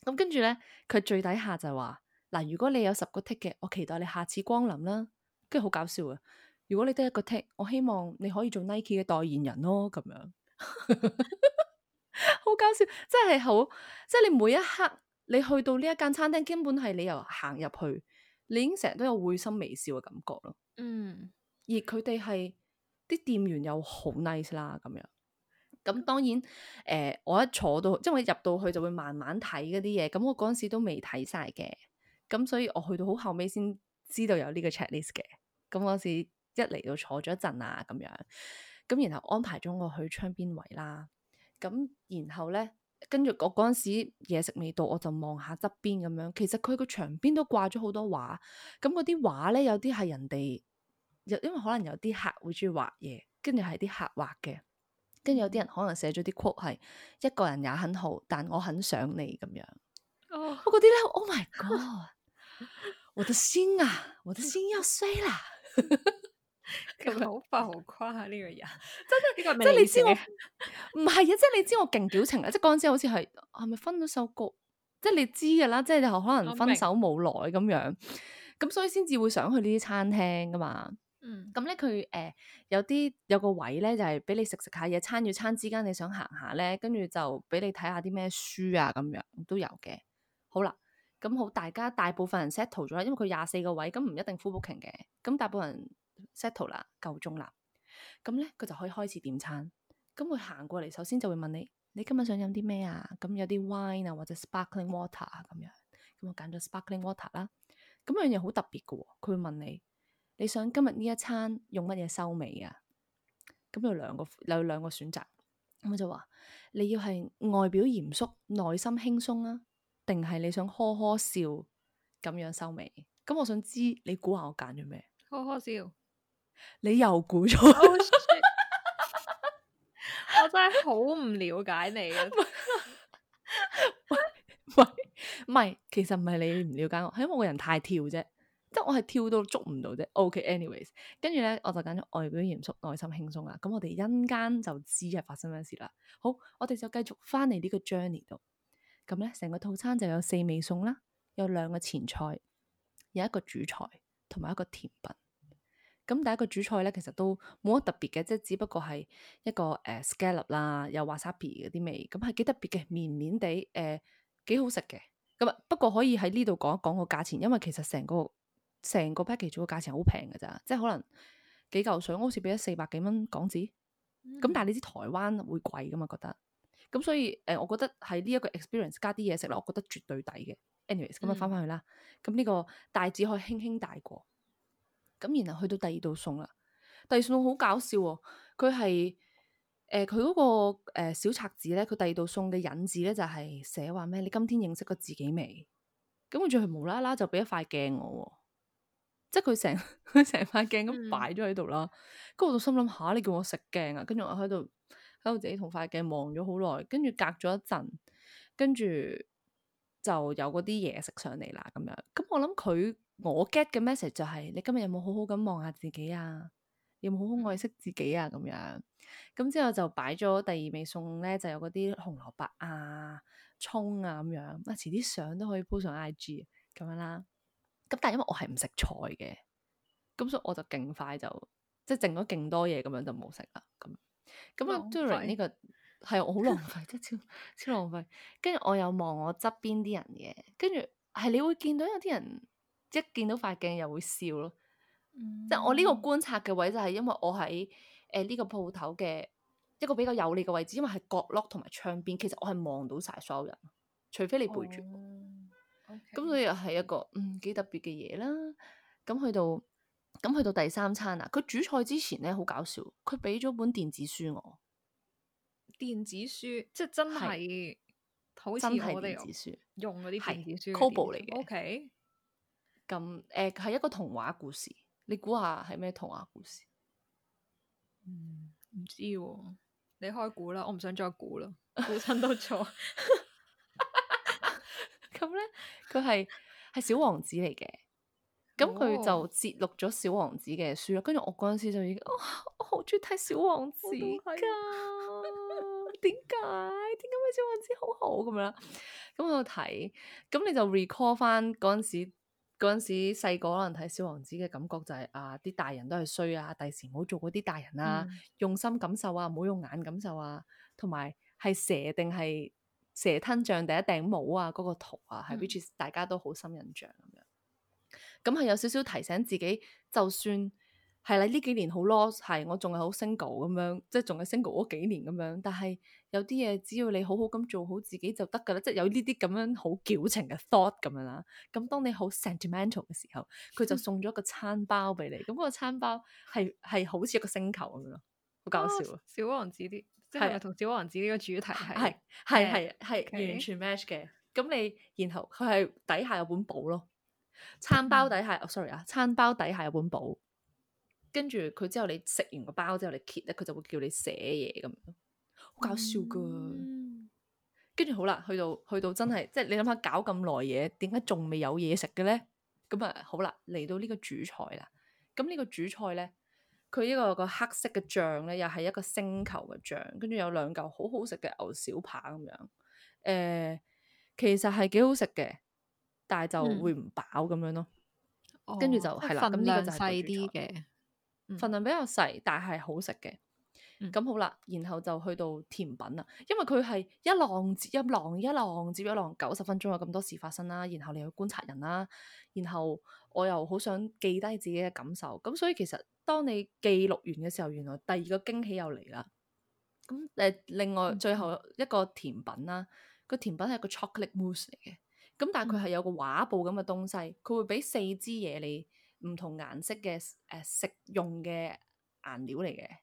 咁跟住咧，佢最底下就話。嗱，如果你有十個 tick 嘅，我期待你下次光臨啦，跟住好搞笑啊！如果你得一個 tick，我希望你可以做 Nike 嘅代言人咯，咁樣好 搞笑，真係好，即係你每一刻你去到呢一間餐廳，根本係你由行入去，你已經成日都有會心微笑嘅感覺咯。嗯，而佢哋係啲店員又好 nice 啦，咁樣咁，當然誒、呃，我一坐到，即係我一入到去就會慢慢睇嗰啲嘢，咁我嗰陣時都未睇晒嘅。咁所以我去到好後尾先知道有呢個 checklist 嘅，咁嗰時一嚟到坐咗一陣啊，咁樣，咁然後安排咗我去窗邊位啦，咁然後咧，跟住我嗰陣時嘢食未到，我就望下側邊咁樣，其實佢個牆邊都掛咗好多畫，咁嗰啲畫咧，有啲係人哋，又因為可能有啲客會中意畫嘢，跟住係啲客畫嘅，跟住有啲人可能寫咗啲 quote 係一個人也很好，但我很想你咁樣，哦、oh，我嗰啲咧，Oh my God！ 我的心啊，我的心要衰啦！咁好浮誇啊，呢、 啊這個人，真係的呢個是是，真係 你知我唔係啊，即、就、係、是、你知我勁表情啊，即係嗰陣時好似係係咪分咗首歌？即、就、係、是、你知噶啦，即、就、係、是、可能分手冇耐咁樣，咁定所以先至會想去呢啲餐廳噶嘛。嗯，咁咧佢誒有啲有個位咧就係、是、俾你食食下嘢，餐與餐之間你想行下咧，跟住就俾你睇下啲咩書啊，咁樣都有嘅。好啦。咁好，大家大部分人 settle 咗，因為佢廿四個位，咁唔一定 full booking 嘅，咁大部分人 settle 啦，夠鐘啦，咁咧佢就可以開始點餐。咁佢行過嚟，首先就會問你，你今日想飲啲咩啊？咁有啲 wine 啊，或者 sparkling water 啊咁樣。咁我揀咗 sparkling water 啦，啊。咁樣嘢好特別嘅，哦，佢會問你，你想今日呢一餐用乜嘢收尾啊？咁有兩個有兩個選擇。咁我就話，你要係外表嚴肅，內心輕鬆啊。定係你想呵呵笑咁樣收尾？咁我想知你估下我揀咗咩？呵呵笑，你又估咗？我真係好唔了解你嘅。 喂，喂，其實唔係你唔了解我，係因為我個人太跳啫，即係我係跳到捉唔到啫。OK，anyways，okay，跟住咧我就揀咗外表嚴肅，內心輕鬆啊。咁我哋一間就知係發生咩事啦。好，我哋就繼續翻嚟呢個 journey 度。咁咧，成個套餐就有四味餸啦，有兩個前菜，有一個主菜同埋一個甜品。咁第一個主菜咧，其實都冇乜特別嘅，即係只不過係一個誒 scallop 啦，有 wasabi 沙皮嗰啲味，咁係幾特別嘅，綿綿地誒幾好食嘅。咁啊，不過可以喺呢度講一講個價錢，因為其實成個成個 packaging 嘅價錢好平㗎咋，即係可能幾嚿水，好似俾咗四百幾蚊港紙。咁但係你知台灣會貴噶嘛？覺得？咁所以，誒、呃，我覺得喺呢一個 experience 加啲嘢食啦，我覺得絕對抵嘅。Anyways，咁啊返返去啦。咁呢、嗯、個帶子可以輕輕帶過。咁然後去到第二道餸啦，第二道餸好搞笑喎、哦。佢係誒佢嗰個誒、呃、小冊子咧，佢第二道餸嘅引字咧就係、是、寫話咩？你今天認識過自己未？咁跟住佢無啦啦就俾一塊鏡我、哦，即係佢成佢成塊鏡咁擺咗喺度啦。咁、嗯、我就心諗下、啊、你叫我食鏡啊？跟住我喺度。都自己同塊鏡望咗好耐，跟住隔咗一陣，跟住就有嗰啲嘢食上嚟啦，咁樣。咁我諗佢我 get 嘅 message 就係，你今日有冇好好咁望下自己啊？有冇好好愛惜自己啊？咁樣。咁之後就擺咗第二味餸咧，就有嗰啲紅蘿蔔啊、蔥啊咁樣。啊，遲啲相都可以 po 上 IG 咁樣啦。咁但係因為我係唔食菜嘅，咁所以我就勁快就即係剩咗勁多嘢，咁樣就冇食啦，咁。咁啊，Joey 呢個係我好浪費，真 超超浪費。跟住我又望我側邊啲人嘅，跟住係你會見到有啲人一見到塊鏡又會笑咯。嗯、即係我呢個觀察嘅位就係，因為我喺誒呢個鋪頭嘅一個比較有利嘅位置，因為係角落同埋窗邊，其實我係望到晒所有人，除非你背住我。咁、哦 okay。所以又係一個嗯幾特別嘅嘢啦。咁去到。咁去到第三餐啊，佢煮菜之前咧，好搞笑，佢俾咗本電子書我。電子書，即係真係，是好似我哋用嗰啲是電子書 Kobo 嚟嘅。O K，咁誒係一個童話故事，你估下係咩童話故事？唔、嗯、知，你開估啦，我唔想再估啦，估親都錯。咁咧 呢，佢係係小王子嚟嘅。咁佢就截錄咗小王子嘅書啦，跟住我嗰陣時就已經，哦，我好中意睇小王子，點解點解嘅小王子好好咁樣？咁我度睇，咁你就 recall 返嗰陣時嗰陣時細個可能睇小王子嘅感覺就係、是、啊，啲大人都係衰啊，第時唔好做嗰啲大人啊，嗯、用心感受啊，唔好用眼感受啊，同埋係蛇定係蛇吞象第一頂帽啊嗰、那個圖啊，係 which 大家都好深印象。嗯咁係有少少提醒自己，就算係啦，呢幾年好 lost 係我仲係好 single 咁樣，即係仲係 single 嗰幾年咁樣。但係有啲嘢，只要你好好咁做好自己就得噶啦。即係有呢啲咁樣好矯情嘅 thought 咁樣啦。咁當你好 sentimental 嘅時候，佢就送咗個餐包俾你。咁、嗯、個餐包係係好似一個星球咁樣咯，好搞笑啊、哦！小王子啲即係同小王子呢個主題係係係係完全 match 嘅。咁你然後佢係底下有本簿咯。餐包底下，哦，sorry 啊，餐包底下有本簿，跟住佢之後你食完個包之後你揭咧，佢就會叫你寫嘢咁好搞笑噶。跟住、嗯、好啦，去到去到真係，即係你諗下搞咁耐嘢，點解仲未有嘢食嘅咧？咁啊好啦，嚟到呢個主菜啦。咁呢個主菜咧，佢呢個個黑色嘅醬咧，又係一個星球嘅醬，跟住有兩嚿好好食嘅牛小排咁樣。誒、呃，其實係幾好食嘅。但係就會唔飽咁樣咯，跟、哦、了住就係啦，咁呢個就係細啲嘅，嗯、份量比較細，但係好食嘅。咁、嗯、好啦，然後就去到甜品啦，因為佢係一浪接一浪，一浪接一浪，九十分鐘有咁多事發生啦。然後你去觀察人啦，然後我又好想記低自己嘅感受。咁所以其實當你記錄完嘅時候，原來第二個驚喜又嚟啦。咁誒，另外最後一個甜品啦，個、嗯、甜品係個 chocolate mousse 嚟嘅。咁但係佢係有個畫布咁嘅東西，佢會俾四支嘢你，唔同顏色嘅誒，食用嘅顏料嚟嘅，之、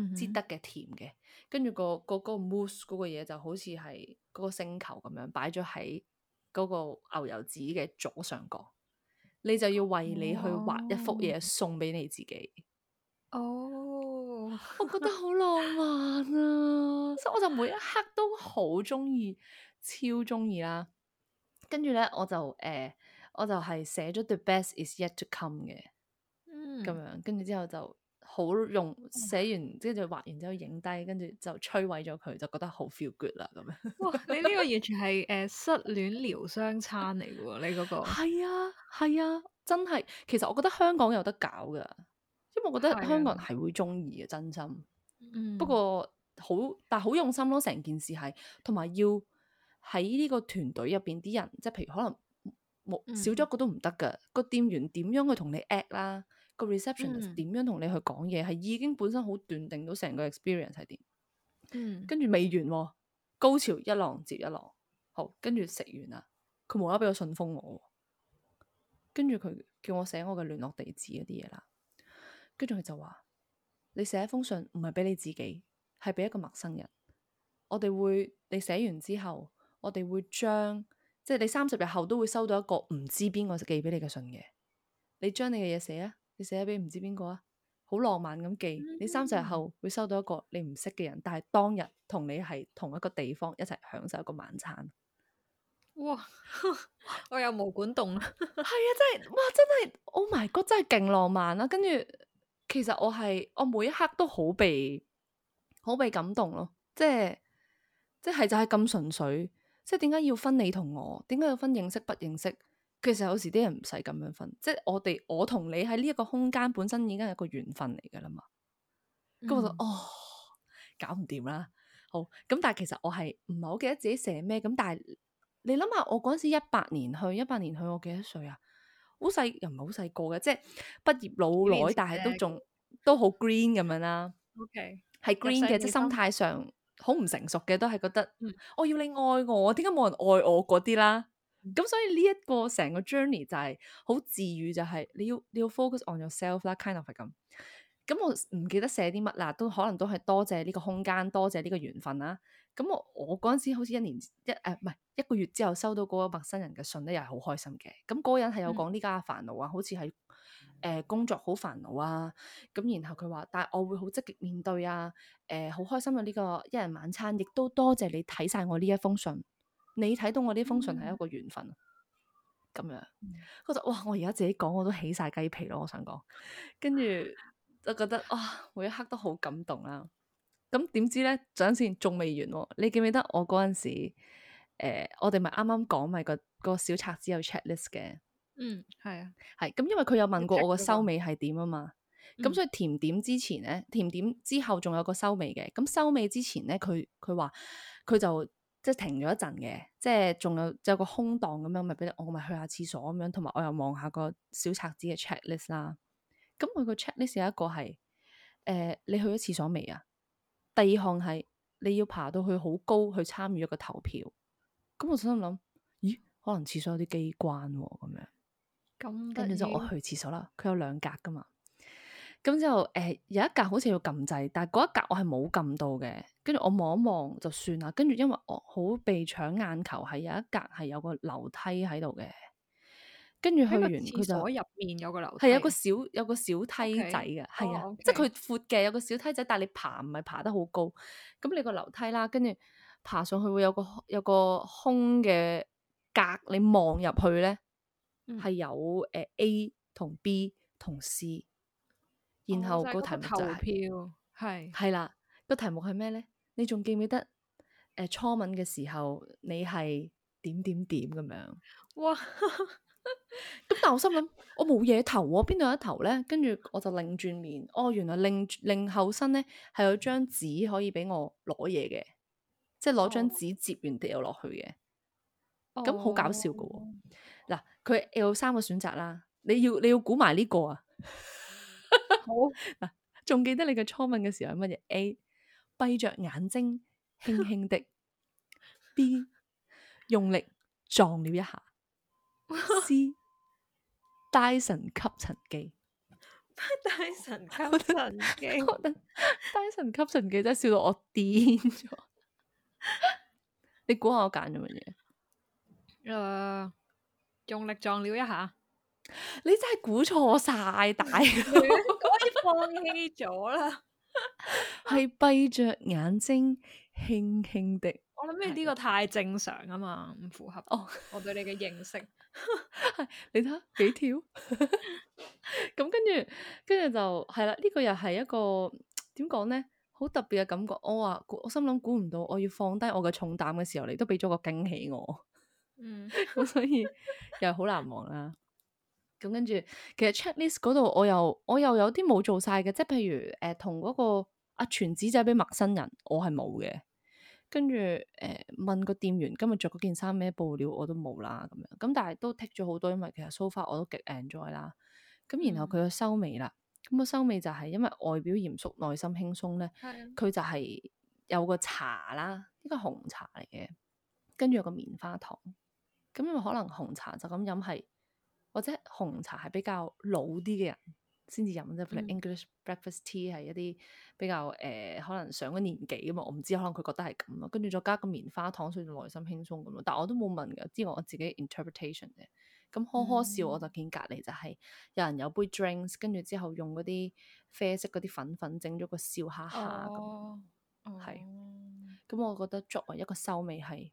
mm hmm. 得嘅甜嘅，跟住、嗰個個、嗰個 mousse 嗰個嘢就好似係嗰個星球咁樣擺咗喺嗰個牛油紙嘅左上角。你就要為你去畫一幅嘢送俾你自己。哦，oh. 我覺得好浪漫啊！ 所以我就每一刻都好中意，超中意啦～跟住咧，我就誒、呃，我就係寫咗 The best is yet to come 嘅，咁、嗯、樣跟住之後就好用寫完，即係畫完之後影低，跟住就摧毀咗佢，就覺得好 feel good 啦咁樣。哇！ 你呢個完全係誒、呃、失戀療傷餐嚟嘅喎，你嗰、那個。係 啊，係啊，真係。其實我覺得香港有得搞㗎，因為我覺得香港人係會中意嘅，真心。嗯、不過好，但係好用心咯，成件事係同埋要。喺呢個團隊入邊啲人，即係譬如可能冇少咗個都唔得㗎，個店員點樣去同你 at 啦、啊，嗯、個 reception 點樣同你去講嘢，係、嗯、已經本身好斷定到成個 experience 係點。嗯，跟住未完、哦，高潮一浪接一浪，好跟住食完啦，佢無啦啦俾個信封我、哦，跟住佢叫我寫我嘅聯絡地址嗰啲嘢啦，跟住佢就話你寫一封信唔係俾你自己，係俾一個陌生人。我哋會你寫完之後。我哋會將即係你三十日後都會收到一個唔知邊個寄俾你嘅信嘅，你將你嘅嘢寫啊，你寫一俾唔知邊個啊，好浪漫咁寄。你三十日後會收到一個你唔識嘅人，但係當日同你係同一個地方一齊享受一個晚餐。哇！ 我又毛管動啊，係 啊，真係哇，真係 Oh my God，真係勁浪漫啊。跟住其實我係我每一刻都好被好被感動咯，即係即係就係咁純粹。即係點解要分你同我？點解要分認識不認識？其實有時啲人唔使咁樣分。即係我哋我同你喺呢一個空間本身已經係一個緣分嚟噶啦嘛。咁、嗯、我就哦搞唔掂啦。好咁，但係其實我係唔係好記得自己寫咩？咁但係你諗下，我嗰陣時一八年去，一八年去我幾多歲啊？好細又唔係好細個嘅，即係畢業老耐，但係都仲都好 green 咁樣啦。OK，係 green 嘅，即係心態上。好唔成熟嘅，都係覺得、嗯，我要你愛我，點解冇人愛我嗰啲啦？咁、嗯、所以呢一個成個 journey 就係好治愈，就係你要你要 focus on yourself 啦，kind of 係咁。咁我唔記得寫啲乜啦，都可能都係多謝呢個空間，多謝呢個緣分啦。咁我我嗰陣時好似一年一誒唔係一個月之後收到嗰個陌生人嘅信咧，又係好開心嘅。咁嗰個人係有講呢家嘅煩惱啊，好似係誒工作好煩惱啊。咁然後佢話，但係我會好積極面對啊。誒、呃、好開心嘅、啊、呢、這個一人晚餐，亦都多謝，謝你睇晒我呢一封信。你睇到我呢封信係一個緣分、啊。咁、嗯、樣，我話哇！我而家自己講我都起晒雞皮咯，我想講。跟住就覺得哇、啊，每一刻都好感動啦、啊、～咁點知咧？等陣先，仲未完。你記唔記得我嗰陣時，誒，我哋咪啱啱講咪個個小冊子有 checklist 嘅。嗯，係、嗯、啊，係、嗯。咁因為佢有問過我個收尾係點啊嘛。咁、嗯、所以甜點之前咧，甜點之後仲有個收尾嘅。咁收尾之前咧，佢佢話佢就即係停咗一陣嘅，即係仲有即係個空檔咁樣，咪俾你我咪去下廁所咁樣。同埋我又望下個小冊子嘅 checklist 啦。咁佢個 checklist 有一個係，誒、嗯呃，你去咗廁所未啊？第二項係你要爬到去好高去參與一個投票，咁我心諗，咦？可能廁所有啲機關喎、啊，咁樣。咁跟住之後就我去廁所啦，佢有兩格㗎嘛。咁之後誒、欸、有一格好似要撳掣，但係嗰一格我係冇撳到嘅。跟住我望一望就算啦。跟住因為我好被搶眼球，係有一格係有個樓梯喺度嘅。跟住去完，佢就入面有個樓梯，係有個小有個小梯仔嘅，係 Okay. 啊，oh, okay. 即係佢闊嘅，有個小梯仔，但係你爬唔係爬得好高。咁你個樓梯啦，跟住爬上去會有個有個空嘅格，你望入去咧，係、嗯、有誒、呃、A 同 B 同 C，然後、oh, 個題目就係係啦，個，是那個題目係咩咧？你仲記唔記得誒、呃、初吻嘅時候，你係點點點咁樣？哇！ 咁 但我心諗，我冇嘢投，邊度有得投咧？跟住我就擰轉面，哦，原來擰擰後身咧係有張紙可以俾我攞嘢嘅，即係攞張紙接完掉落去嘅，咁好、哦、搞笑噶、哦。嗱、哦，佢有三個選擇啦，你要你要估埋呢個啊，好、 哦，仲記得你嘅初吻嘅時候係乜嘢？A 閉着眼睛輕輕的 ，B 用力撞了一下。 我知！Dyson 吸塵機，Dyson 吸塵機，Dyson 吸塵機真係笑到我癲咗。你估下我揀咗乜嘢？誒，用力撞了一下，你真係估錯晒，大可以放棄咗啦。係閉着眼睛，輕輕的。我諗呢個太正常啊嘛，唔符合哦。我對你嘅認識，係、oh, 你睇幾條咁，跟住跟住就係啦。呢、這個又係一個點講咧，好特別嘅感覺。我話我心諗，估唔到我要放低我嘅重擔嘅時候，你都俾咗個驚喜我。嗯，咁所以又好難忘啦。咁跟住，其實 checklist 嗰度，我又我又有啲冇做晒嘅，即係譬如誒，同、呃、嗰個阿全子仔俾陌生人，我係冇嘅。跟住誒、呃、問個店員今日着嗰件衫咩布料我，我都冇啦咁樣咁，但係都剔咗好多，因為其實 so far 我都極 enjoy 啦。咁、嗯、然後佢嘅收尾啦，咁、嗯、個收尾就係因為外表嚴肅，內心輕鬆咧，佢、啊、就係有個茶啦，呢、這、該、個、紅茶嚟嘅，跟住有個棉花糖。咁、嗯、因為可能紅茶就咁飲係，或者紅茶係比較老啲嘅人。先至飲啫，譬 English breakfast tea 係一啲比較誒、呃，可能上咗年紀啊嘛，我唔知可能佢覺得係咁咯，跟住再加個棉花糖，所以內心輕鬆咁咯。但係我都冇問嘅，知我自己的 interpretation 啫。咁呵呵笑，我就見隔離就係有人有杯 drinks，跟住之後用嗰啲啡色嗰啲粉粉整咗個笑哈哈咁，係、oh。咁、oh. 嗯、我覺得作為一個收尾係，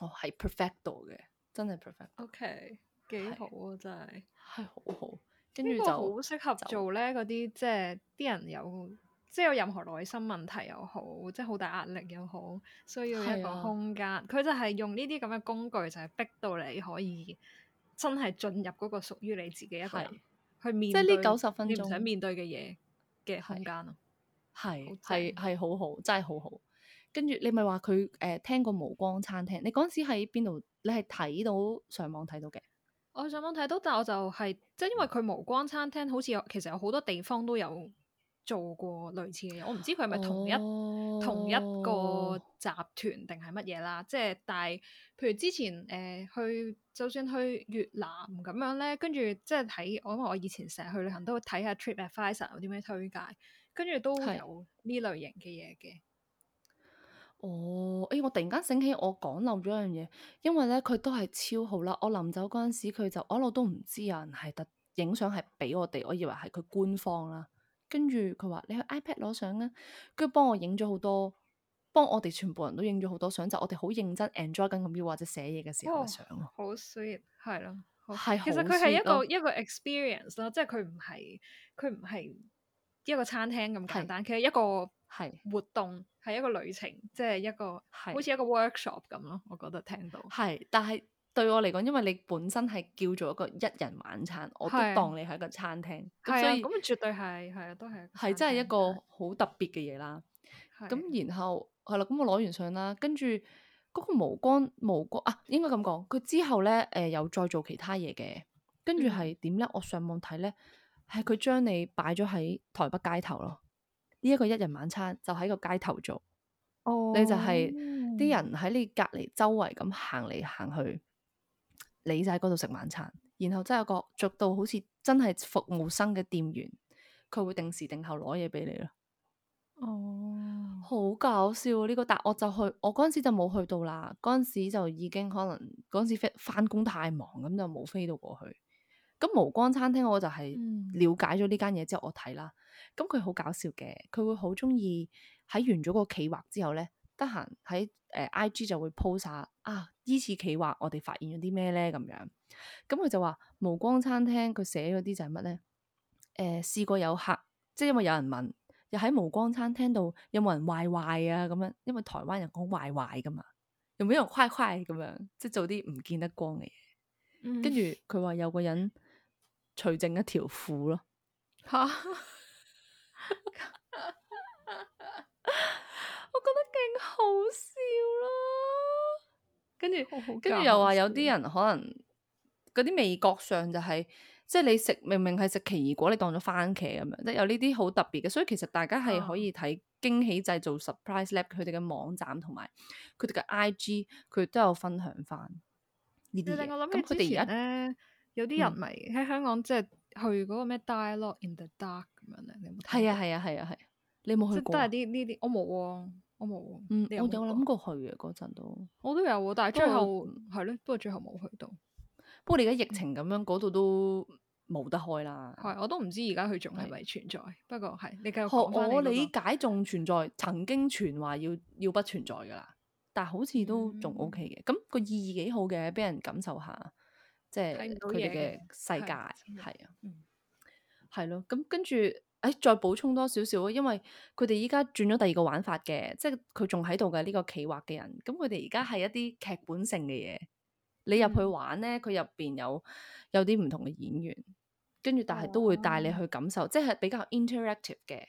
哦係 perfect 到嘅，真係 perfect。O K，幾好啊，是真係的。係好好。呢個好適合做咧，嗰啲即係啲人有，即、就、係、是、有任何內心問題又好，即係好大壓力又好，需要一個空間。佢、啊、就係用呢啲咁嘅工具，就係逼到你可以真係進入嗰個屬於你自己一個人是去面。即係呢九十分鐘唔想面對嘅嘢嘅空間咯。係係係，好好，真係好好。跟住你咪話佢誒聽過無光餐廳？你嗰陣時喺邊度？你係睇到上網睇到嘅。我上網睇到，但我就係、是、即係因為佢無光餐廳好，好似有其實有好多地方都有做過類似嘅嘢。我唔知佢係咪同一、哦、同一個集團定係乜嘢啦。即係但係，譬如之前誒、呃、去，就算去越南咁樣咧，跟住即係睇我因為我以前成日去旅行都會睇下 trip advisor 有啲咩推介，跟住都有呢類型嘅嘢嘅。哦誒、oh, 欸，我突然間醒起我講漏咗一樣嘢，因為咧佢都係超好啦。我臨走嗰陣時，佢就我一路都唔知有人係特影相係俾我哋，我以為係佢官方啦。跟住佢話你去 iPad 攞相啊，跟住幫我影咗好多，幫我哋全部人都影咗好多相，就是、我哋好認真 enjoy 緊咁，要、哦、或者寫嘢嘅時候嘅相。好 sweet，係咯，係其實佢係一個、嗯、一個 experience 咯，即係佢唔係佢唔係一個餐廳咁簡單，其實的一個。係是活動係一個旅程，即係一個是好似一個 workshop 咁咯。我覺得聽到係，但係對我嚟講，因為你本身係叫做一個一人晚餐，是我都當你係一個餐廳咁，是所以咁啊，絕對係係啊，都係係真係一個好特別嘅嘢啦。咁是然後係啦，咁我攞完相啦，跟住嗰個無光無光啊，應該咁講，佢之後咧誒、呃，有再做其他嘢嘅，跟住係點咧？我上網睇咧，係佢將你擺咗喺台北街頭咯。嗯呢一個一人晚餐就喺個街頭做，oh, 你就係、是、啲、嗯、人喺你隔籬周圍咁行嚟行去，你就喺嗰度食晚餐，然後真係有個着到好似真係服務生嘅店員，佢會定時定候攞嘢俾你咯。哦，oh, 好搞笑呢、啊，這個，但我就去，我嗰陣時就冇去到啦。嗰陣時就已經可能嗰陣時翻工太忙咁，就冇飛到過去。咁無光餐廳，我就係了解咗呢間嘢之後，嗯、我睇啦。咁佢好搞笑嘅，佢會好中意喺完咗個企劃之後咧，得閒喺誒 I G 就會 po 晒啊依次企劃，我哋發現咗啲咩咧咁樣。咁、嗯、佢就話無光餐廳佢寫嗰啲就係乜咧？誒，試、呃、過有客，即係因為有人問，又喺無光餐廳度有冇人壞壞啊咁樣，因為台灣人講壞壞噶嘛，有冇人壞壞咁樣，即係做啲唔見得光嘅嘢。跟住佢話有個人除剩一條褲咯。吓～ 我覺得勁好笑咯，跟住跟住又話有啲人可能嗰啲味覺上就係、是，即係你食明明係食奇異果，你當咗番茄咁樣，即係有呢啲好特別嘅。所以其實大家係可以睇驚喜製造 surprise lab 佢哋嘅網站同埋佢哋嘅 IG，佢都有分享翻呢啲。咁佢哋而家咧，有啲人咪喺香港，即係去嗰個咩 dialogue in the dark 咁樣咧。你有冇？係啊係啊係啊係。你冇去都係啲呢啲，我冇啊，我冇啊。嗯，我有諗過去嘅嗰陣都。我都有，但係最後係咯，不過最後冇去到。不過你而家疫情咁樣，嗰度都冇得開啦。係，我都唔知而家佢仲係咪存在。不過係，你繼續講。我理解仲存在，曾經傳話要要不存在噶啦，但係好似都仲 O K 嘅。咁個意義幾好嘅，俾人感受下，即係佢哋嘅世界係啊。嗯，係咯，咁跟住。誒、哎，再補充多少少啊，因為佢哋依家轉咗第二個玩法嘅，即係佢仲喺度嘅呢個企劃嘅人，咁佢哋而家係一啲劇本性嘅嘢，你入去玩咧，佢入邊有有啲唔同嘅演員，跟住但係都會帶你去感受，哇即係比較 interactive 嘅，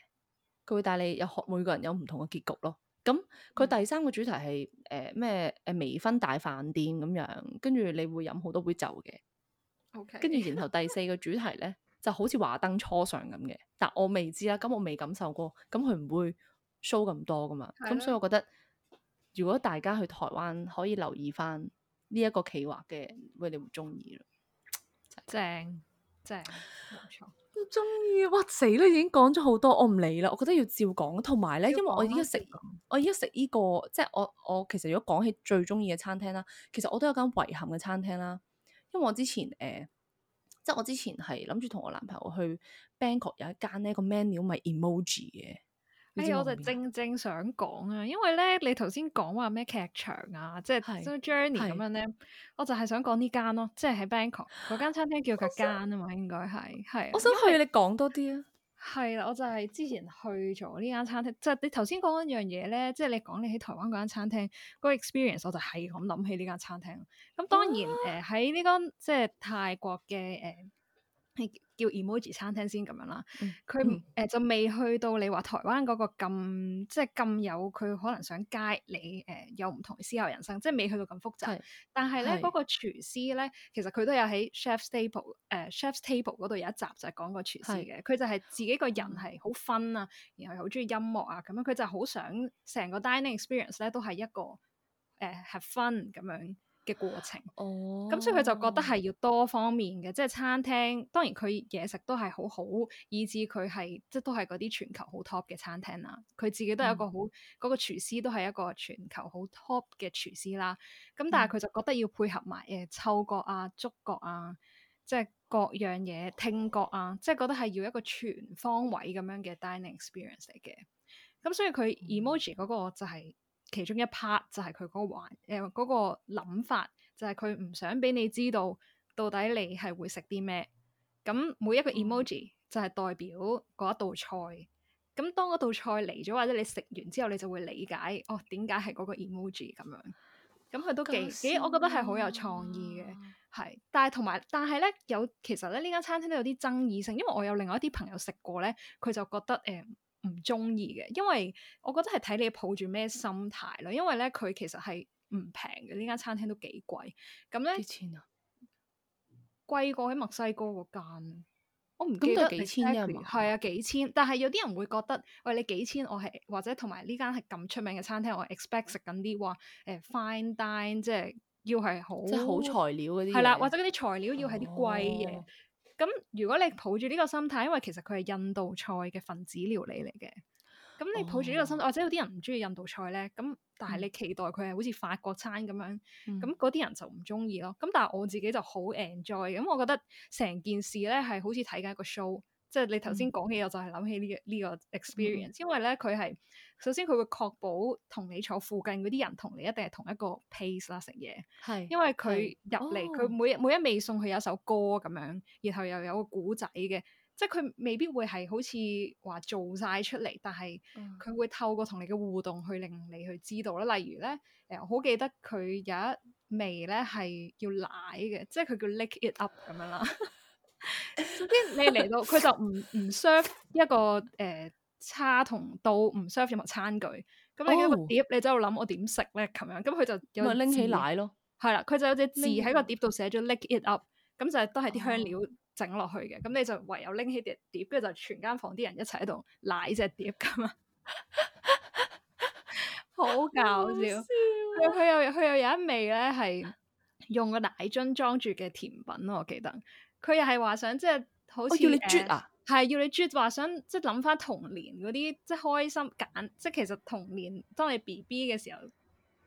佢會帶你有學每個人有唔同嘅結局咯。咁佢第三個主題係誒咩誒微分大飯店咁樣，跟住你會飲好多杯酒嘅，OK，跟住然後第四個主題咧。 就好似華燈初上咁嘅，但我未知啦。咁我未感受過，咁佢唔會 show 咁多㗎嘛。咁所以我覺得，如果大家去台灣可以留意返呢一個企劃嘅，喂，你會中意啦。正正冇錯，我中意。哇！死啦，已經講咗好多，我唔理啦。我覺得要照講。同埋咧，因為我依家食，我依家食呢個，即係我我其實如果講起最中意嘅餐廳啦，其實我都有間遺憾嘅餐廳啦，因為我之前誒。即係我之前係諗住同我男朋友去 Bangkok 有一間咧個 menu 咪 emoji 嘅，emo 哎呀，我，我就正正想講啊，因為咧你頭先講話咩劇場啊，即係是 so journey 咁是樣咧，我就係想講呢間咯，即係喺 Bangkok 嗰間餐廳叫佢間啊嘛，應該係，係，我想去為你講多啲啊。係啦，我就係之前去咗呢間餐廳，即係你頭先講一樣嘢咧，即係你講你喺台灣嗰間餐廳嗰個 experience，我就係咁諗起呢間餐廳。咁當然，誒喺呢間即係泰國嘅誒。呃係叫 emoji 餐廳先咁樣啦，佢誒、嗯呃、就未去到你話台灣嗰個咁，即係咁有佢可能想街你誒、呃、有唔同嘅思考人生，即係未去到咁複雜。是但係咧嗰個廚師咧，其實佢都有喺 che、呃、chef table 誒 chef table 度有一集就係講個廚師嘅。佢是就係自己個人係好 fun 啊，然後好中意音樂啊咁樣，佢就好想成個 dining experience 咧都係一個誒 have、呃、fun 咁樣。嘅過程，哦、oh. 嗯，咁所以佢就覺得係要多方面嘅，即係餐廳當然佢嘢食都係好好，以至佢係即都係嗰啲全球好 top 嘅餐廳啦。佢自己都有一個好嗰、嗯、個廚師都係一個全球好 top 嘅廚師啦。咁、嗯嗯、但係佢就覺得要配合埋嗅覺啊、觸覺啊，即係各樣嘢聽覺啊，即係覺得係要一個全方位咁樣嘅 dining experience 嚟嘅。咁所以佢 emoji 嗰個就係。嗯其中一 part 就係佢嗰個環，誒嗰個諗法就係佢唔想俾你知道到底你係會食啲咩。咁每一個 emoji、嗯、就係代表嗰一道菜。咁當嗰道菜嚟咗，或者你食完之後，你就會理解，哦，點解係嗰個 emoji 咁樣。咁佢都幾幾，是我覺得係好有創意嘅，係、嗯。但係同埋，但係咧有，其實咧呢間餐廳都有啲爭議性，因為我有另外一啲朋友食過咧，佢就覺得誒。嗯唔中意嘅，因為我覺得係睇你抱住咩心態咯。因為咧，佢其實係唔平嘅，呢間餐廳都幾貴。咁咧，幾錢啊？貴過喺墨西哥嗰間。我唔記得幾千人啊。係史啊，啊，幾千。但係有啲人會覺得，喂，你幾千我，我係或者同埋呢間係咁出名嘅餐廳，我 expect 食緊啲話，誒、呃、fine dine，即係要係好即係好材料嗰啲。係啦、啊，或者嗰啲材料要係啲貴嘢。哦咁如果你抱住呢個心態，因為其實佢係印度菜嘅分子料理嚟嘅，咁你抱住呢個心態，oh. 或者有啲人唔中意印度菜咧，咁但係你期待佢係好似法國餐咁樣，咁嗰啲人就唔中意咯。咁但係我自己就好 enjoy 嘅，咁我覺得成件事咧係好似睇緊一個 show，即係你頭先講起，mm. 我就係諗起呢個呢個 experience，因為咧佢係。首先佢會確保同你坐附近嗰啲人同你一定係同一個 pace 啦，食嘢，係是因為佢入嚟，佢每每一味餸佢有一首歌咁樣，然後又有個古仔嘅，即係佢未必會係好似話做晒出嚟，但係佢會透過同你嘅互動去令你去知道啦。例如咧，誒、呃、好記得佢有一味咧係要奶嘅，即係佢叫 lick it up 咁樣啦。總之你嚟到佢就唔唔 serve 一個誒。呃叉同刀唔需要任何餐具，咁、嗯哦、你有，有一個碟，你喺度諗我點食咧？咁樣咁佢就有個字，係啦，佢就有隻字喺個碟度寫咗 lick it up，咁就都係啲香料整落去嘅，咁、哦、你就唯有拎起碟碟，跟住就全間房啲人一齊喺度舐隻碟咁啊， 好搞笑！佢又佢又有一味咧，係用個奶樽裝住嘅甜品咯，我記得佢又係話想即係，好似……哦、你啜啊！係要你啜，話想即係諗翻童年嗰啲，即係開心揀，即係其實童年當你 B B 嘅時候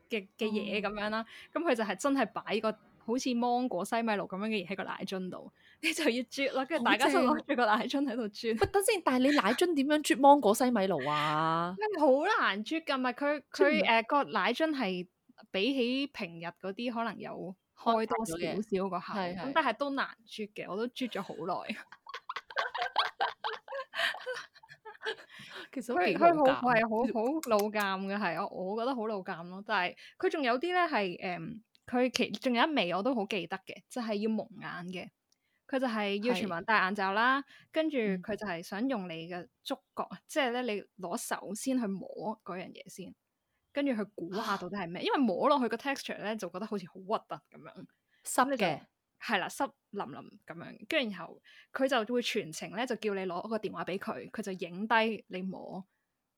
嘅嘅嘢咁樣啦。咁佢、嗯嗯、就係真係擺個好似芒果西米露咁樣嘅嘢喺個奶樽度，你就要啜啦。跟住大家都攞住個奶樽喺度啜。棒 等先，但係你奶樽點樣啜芒果西米露啊？好 難啜噶嘛？佢佢誒個奶樽係比起平日嗰啲，可能有開多少少個口，咁但係都難啜嘅。我都啜咗好耐。 其實佢佢 好係好好老尷嘅，係我我覺得好老尷咯。但係佢仲有啲咧係誒，佢、嗯、其仲有一味我都好記得嘅，就係、是、要蒙眼嘅。佢就係要全民戴眼罩啦，跟住佢就係想用你嘅觸覺，即係咧你攞手先去摸嗰樣嘢先，跟住去估下到底係咩？ 因為摸落去個 texture 咧，就覺得好似好核突咁樣，濕嘅。係啦，濕淋淋咁樣，跟住然後佢就會全程咧就叫你攞個電話俾佢，佢就影低你摸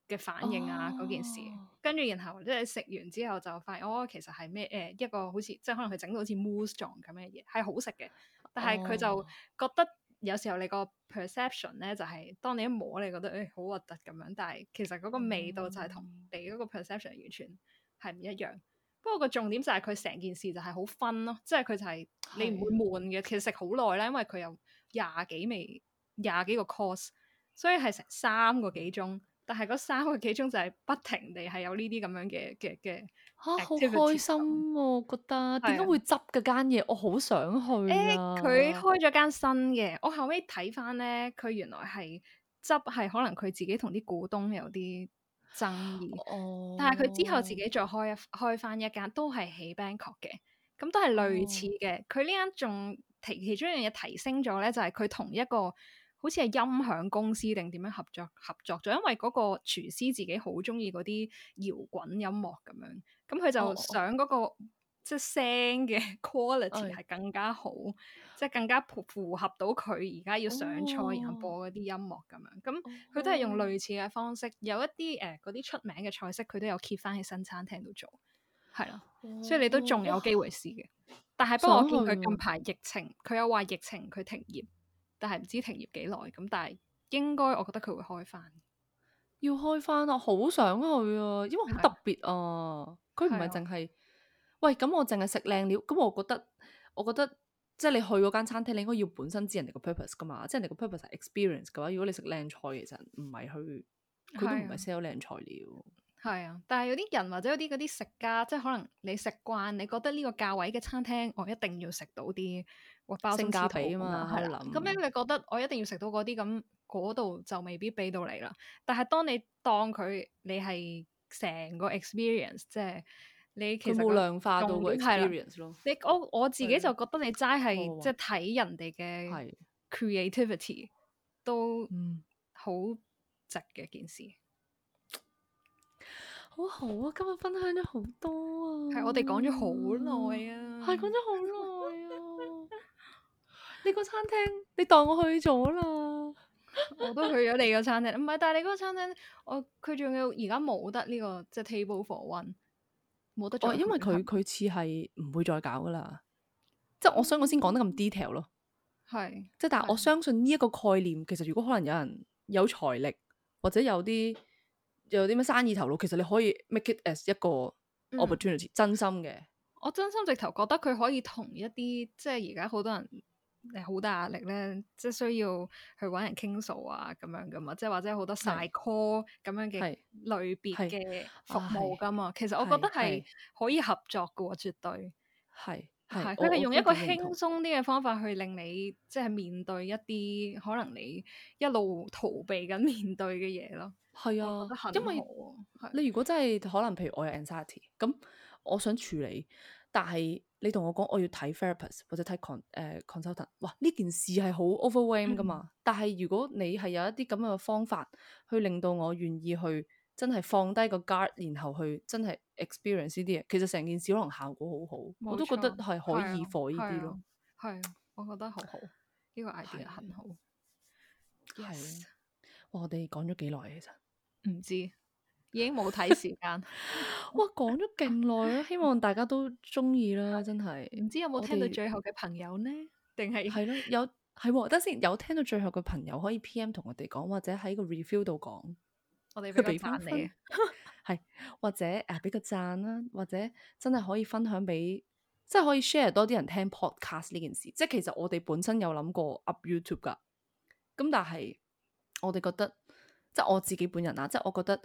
嘅反應啊嗰、哦、件事。跟住然後即係食完之後就發現，哦，其實係咩？誒、呃、一個好似即係可能佢整到狀好似 mousse 狀咁嘅嘢，係好食嘅。但係佢就覺得有時候你個 perception 咧就係、是、當你一摸你覺得誒好核突咁樣，但係其實嗰個味道就係同你嗰個 perception 完全係唔一樣。不過個重點就係佢成件事就係好 fun 咯，即係佢就係你唔會悶嘅，的其實食好耐咧，因為佢有廿幾味、廿幾個 course，所以係成三個幾鐘。但係嗰三個幾鐘就係不停地係有呢啲咁樣嘅嘅嘅，嚇好、啊、開心喎、啊！覺得點解的會執嗰間嘢？我好想去啊！佢、欸、開咗間新嘅，我後尾睇翻咧，佢原來係執係可能佢自己同啲股東有啲爭議，但係佢之後自己再開一、oh. 開翻一間，都係起 Bangkok 嘅，咁都係類似嘅。佢呢、oh. 間仲提其中一樣嘢提升咗咧，就係佢同一個好似係音響公司定點樣合作合作咗，因為嗰個廚師自己好中意嗰啲搖滾音樂咁樣，咁佢就想嗰、嗰個。Oh. 即係聲嘅 quality 係、哎、呀更加好，即係更加符合到佢而家要上菜，哦哦然後播嗰啲音樂咁樣。咁佢都係用類似嘅方式，有一啲誒嗰啲出名嘅菜式，佢都有 keep 翻喺新餐廳度做，係啦。所以你都仲有機會試嘅。哦哦、但係不過我見佢近排疫情，佢有話疫情佢停業，但係唔知停業幾耐咁，但係應該我覺得佢會開翻。要開翻啊！好想去啊，因為好特別啊。佢唔係淨係。喂，咁我淨係食靚料，咁我覺得，我覺得即係你去嗰間餐廳，你應該要本身知人哋個 purpose 㗎嘛。即係人哋個 purpose 係 experience 嘅話，如果你食靚菜，其實唔係去，佢都唔係 sell 靚菜料。係啊，啊，但係有啲人或者有啲嗰啲食家，即係可能你食慣，你覺得呢個價位嘅餐廳，我一定要食到啲，我包性價比啊嘛。係啦、啊，咁樣可能你覺得我一定要食到嗰啲，咁嗰度就未必俾到你啦。但係當你當佢你係成個 experience，即係。你其實冇、嗰個、量化到佢，experience 你我我自己就覺得你齋係即係睇人哋嘅 creativity 了都好值嘅一件事、嗯。好好啊，今日分享咗好多啊！係我哋講咗好耐啊！係講咗好耐啊！ 你個餐廳，你當我去咗啦。 我都去咗你個餐廳，唔係，但係你嗰個餐廳，我佢仲要而家冇得呢個即係 table for one。冇得做，因為佢佢似係唔會再搞噶啦，嗯、即係我想我先講得咁 detail 咯，係是，即係但我相信呢一個概念，其實如果可能有人有財力或者有啲有啲咩生意頭腦，其實你可以 make it as 一個 opportunity，、嗯、真心嘅。我真心直頭覺得佢可以同一啲，即係而家好多人。誒，好大壓力咧，即係需要去揾人傾訴啊，咁樣噶嘛，即係或者好多 side call 咁樣嘅類別嘅服務噶嘛。啊、其實我覺得係可以合作嘅喎。絕對係佢哋用一個輕鬆啲嘅方法去令你即係面對一啲可能你一路逃避緊面對嘅嘢咯。係啊，啊因為你如果真係可能，譬如我有 anxiety 咁我想處理。但係你同我講，我要睇 therapist 或者睇 con 誒、呃、consultant，哇！呢件事係好 overwhelm 噶嘛。嗯、但係如果你係有一啲咁嘅方法，去令到我願意去真係放低個 guard，然後去真係 experience 呢啲嘢，其實成件事可能效果好好。冇錯。我都覺得係可以 for 呢啲咯。係些、啊啊，我覺得好好，呢個 idea 很好。係。哇！我哋講咗幾耐其實唔知。已經冇睇時間， 哇，講咗勁耐啦，希望大家都中意啦，真係唔知有冇聽到最後嘅朋友呢？定係係咯，有係等先有聽到最後嘅朋，們是朋友可以 P. M. 同我哋講，或者喺個 review 度講，我哋俾翻你係 或者誒俾、啊、個讚啦、啊，或者真係可以分享俾即係可以 share 多啲人聽 podcast 呢件事，即係其實我哋本身有諗過 up YouTube 噶，咁但係我哋覺得即係我自己本人啊，即係我覺得。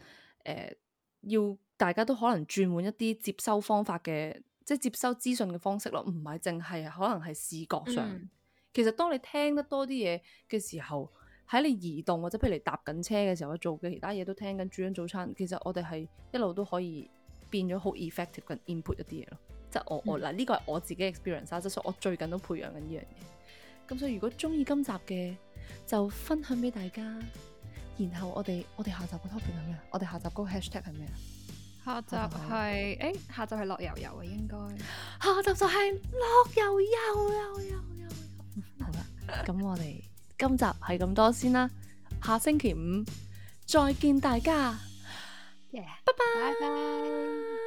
誒、呃，要大家都可能轉換一啲接收方法嘅，即係接收資訊嘅方式咯，唔係淨係可能係視覺上。嗯、其實當你聽得多啲嘢嘅時候，喺你移動或者譬如你搭緊車嘅時候，做嘅其他嘢都聽緊煮緊早餐。其實我哋係一路都可以變咗好 effective 嘅 input 一啲嘢咯。即係我我嗱呢個係我自己 experience 啊，即係所以我最近都培養緊呢樣嘢。咁所以如果中意今集嘅，就分享俾大家。然後我哋我哋下集個 topic 係咩？我哋下集嗰個 hashtag 係咩？欸？下集係誒，下集係樂悠悠啊，應該下集就係樂悠悠，悠悠悠。好啦，咁我哋今集係咁多先啦，下星期五再見大家，耶 Yeah！拜拜！拜拜。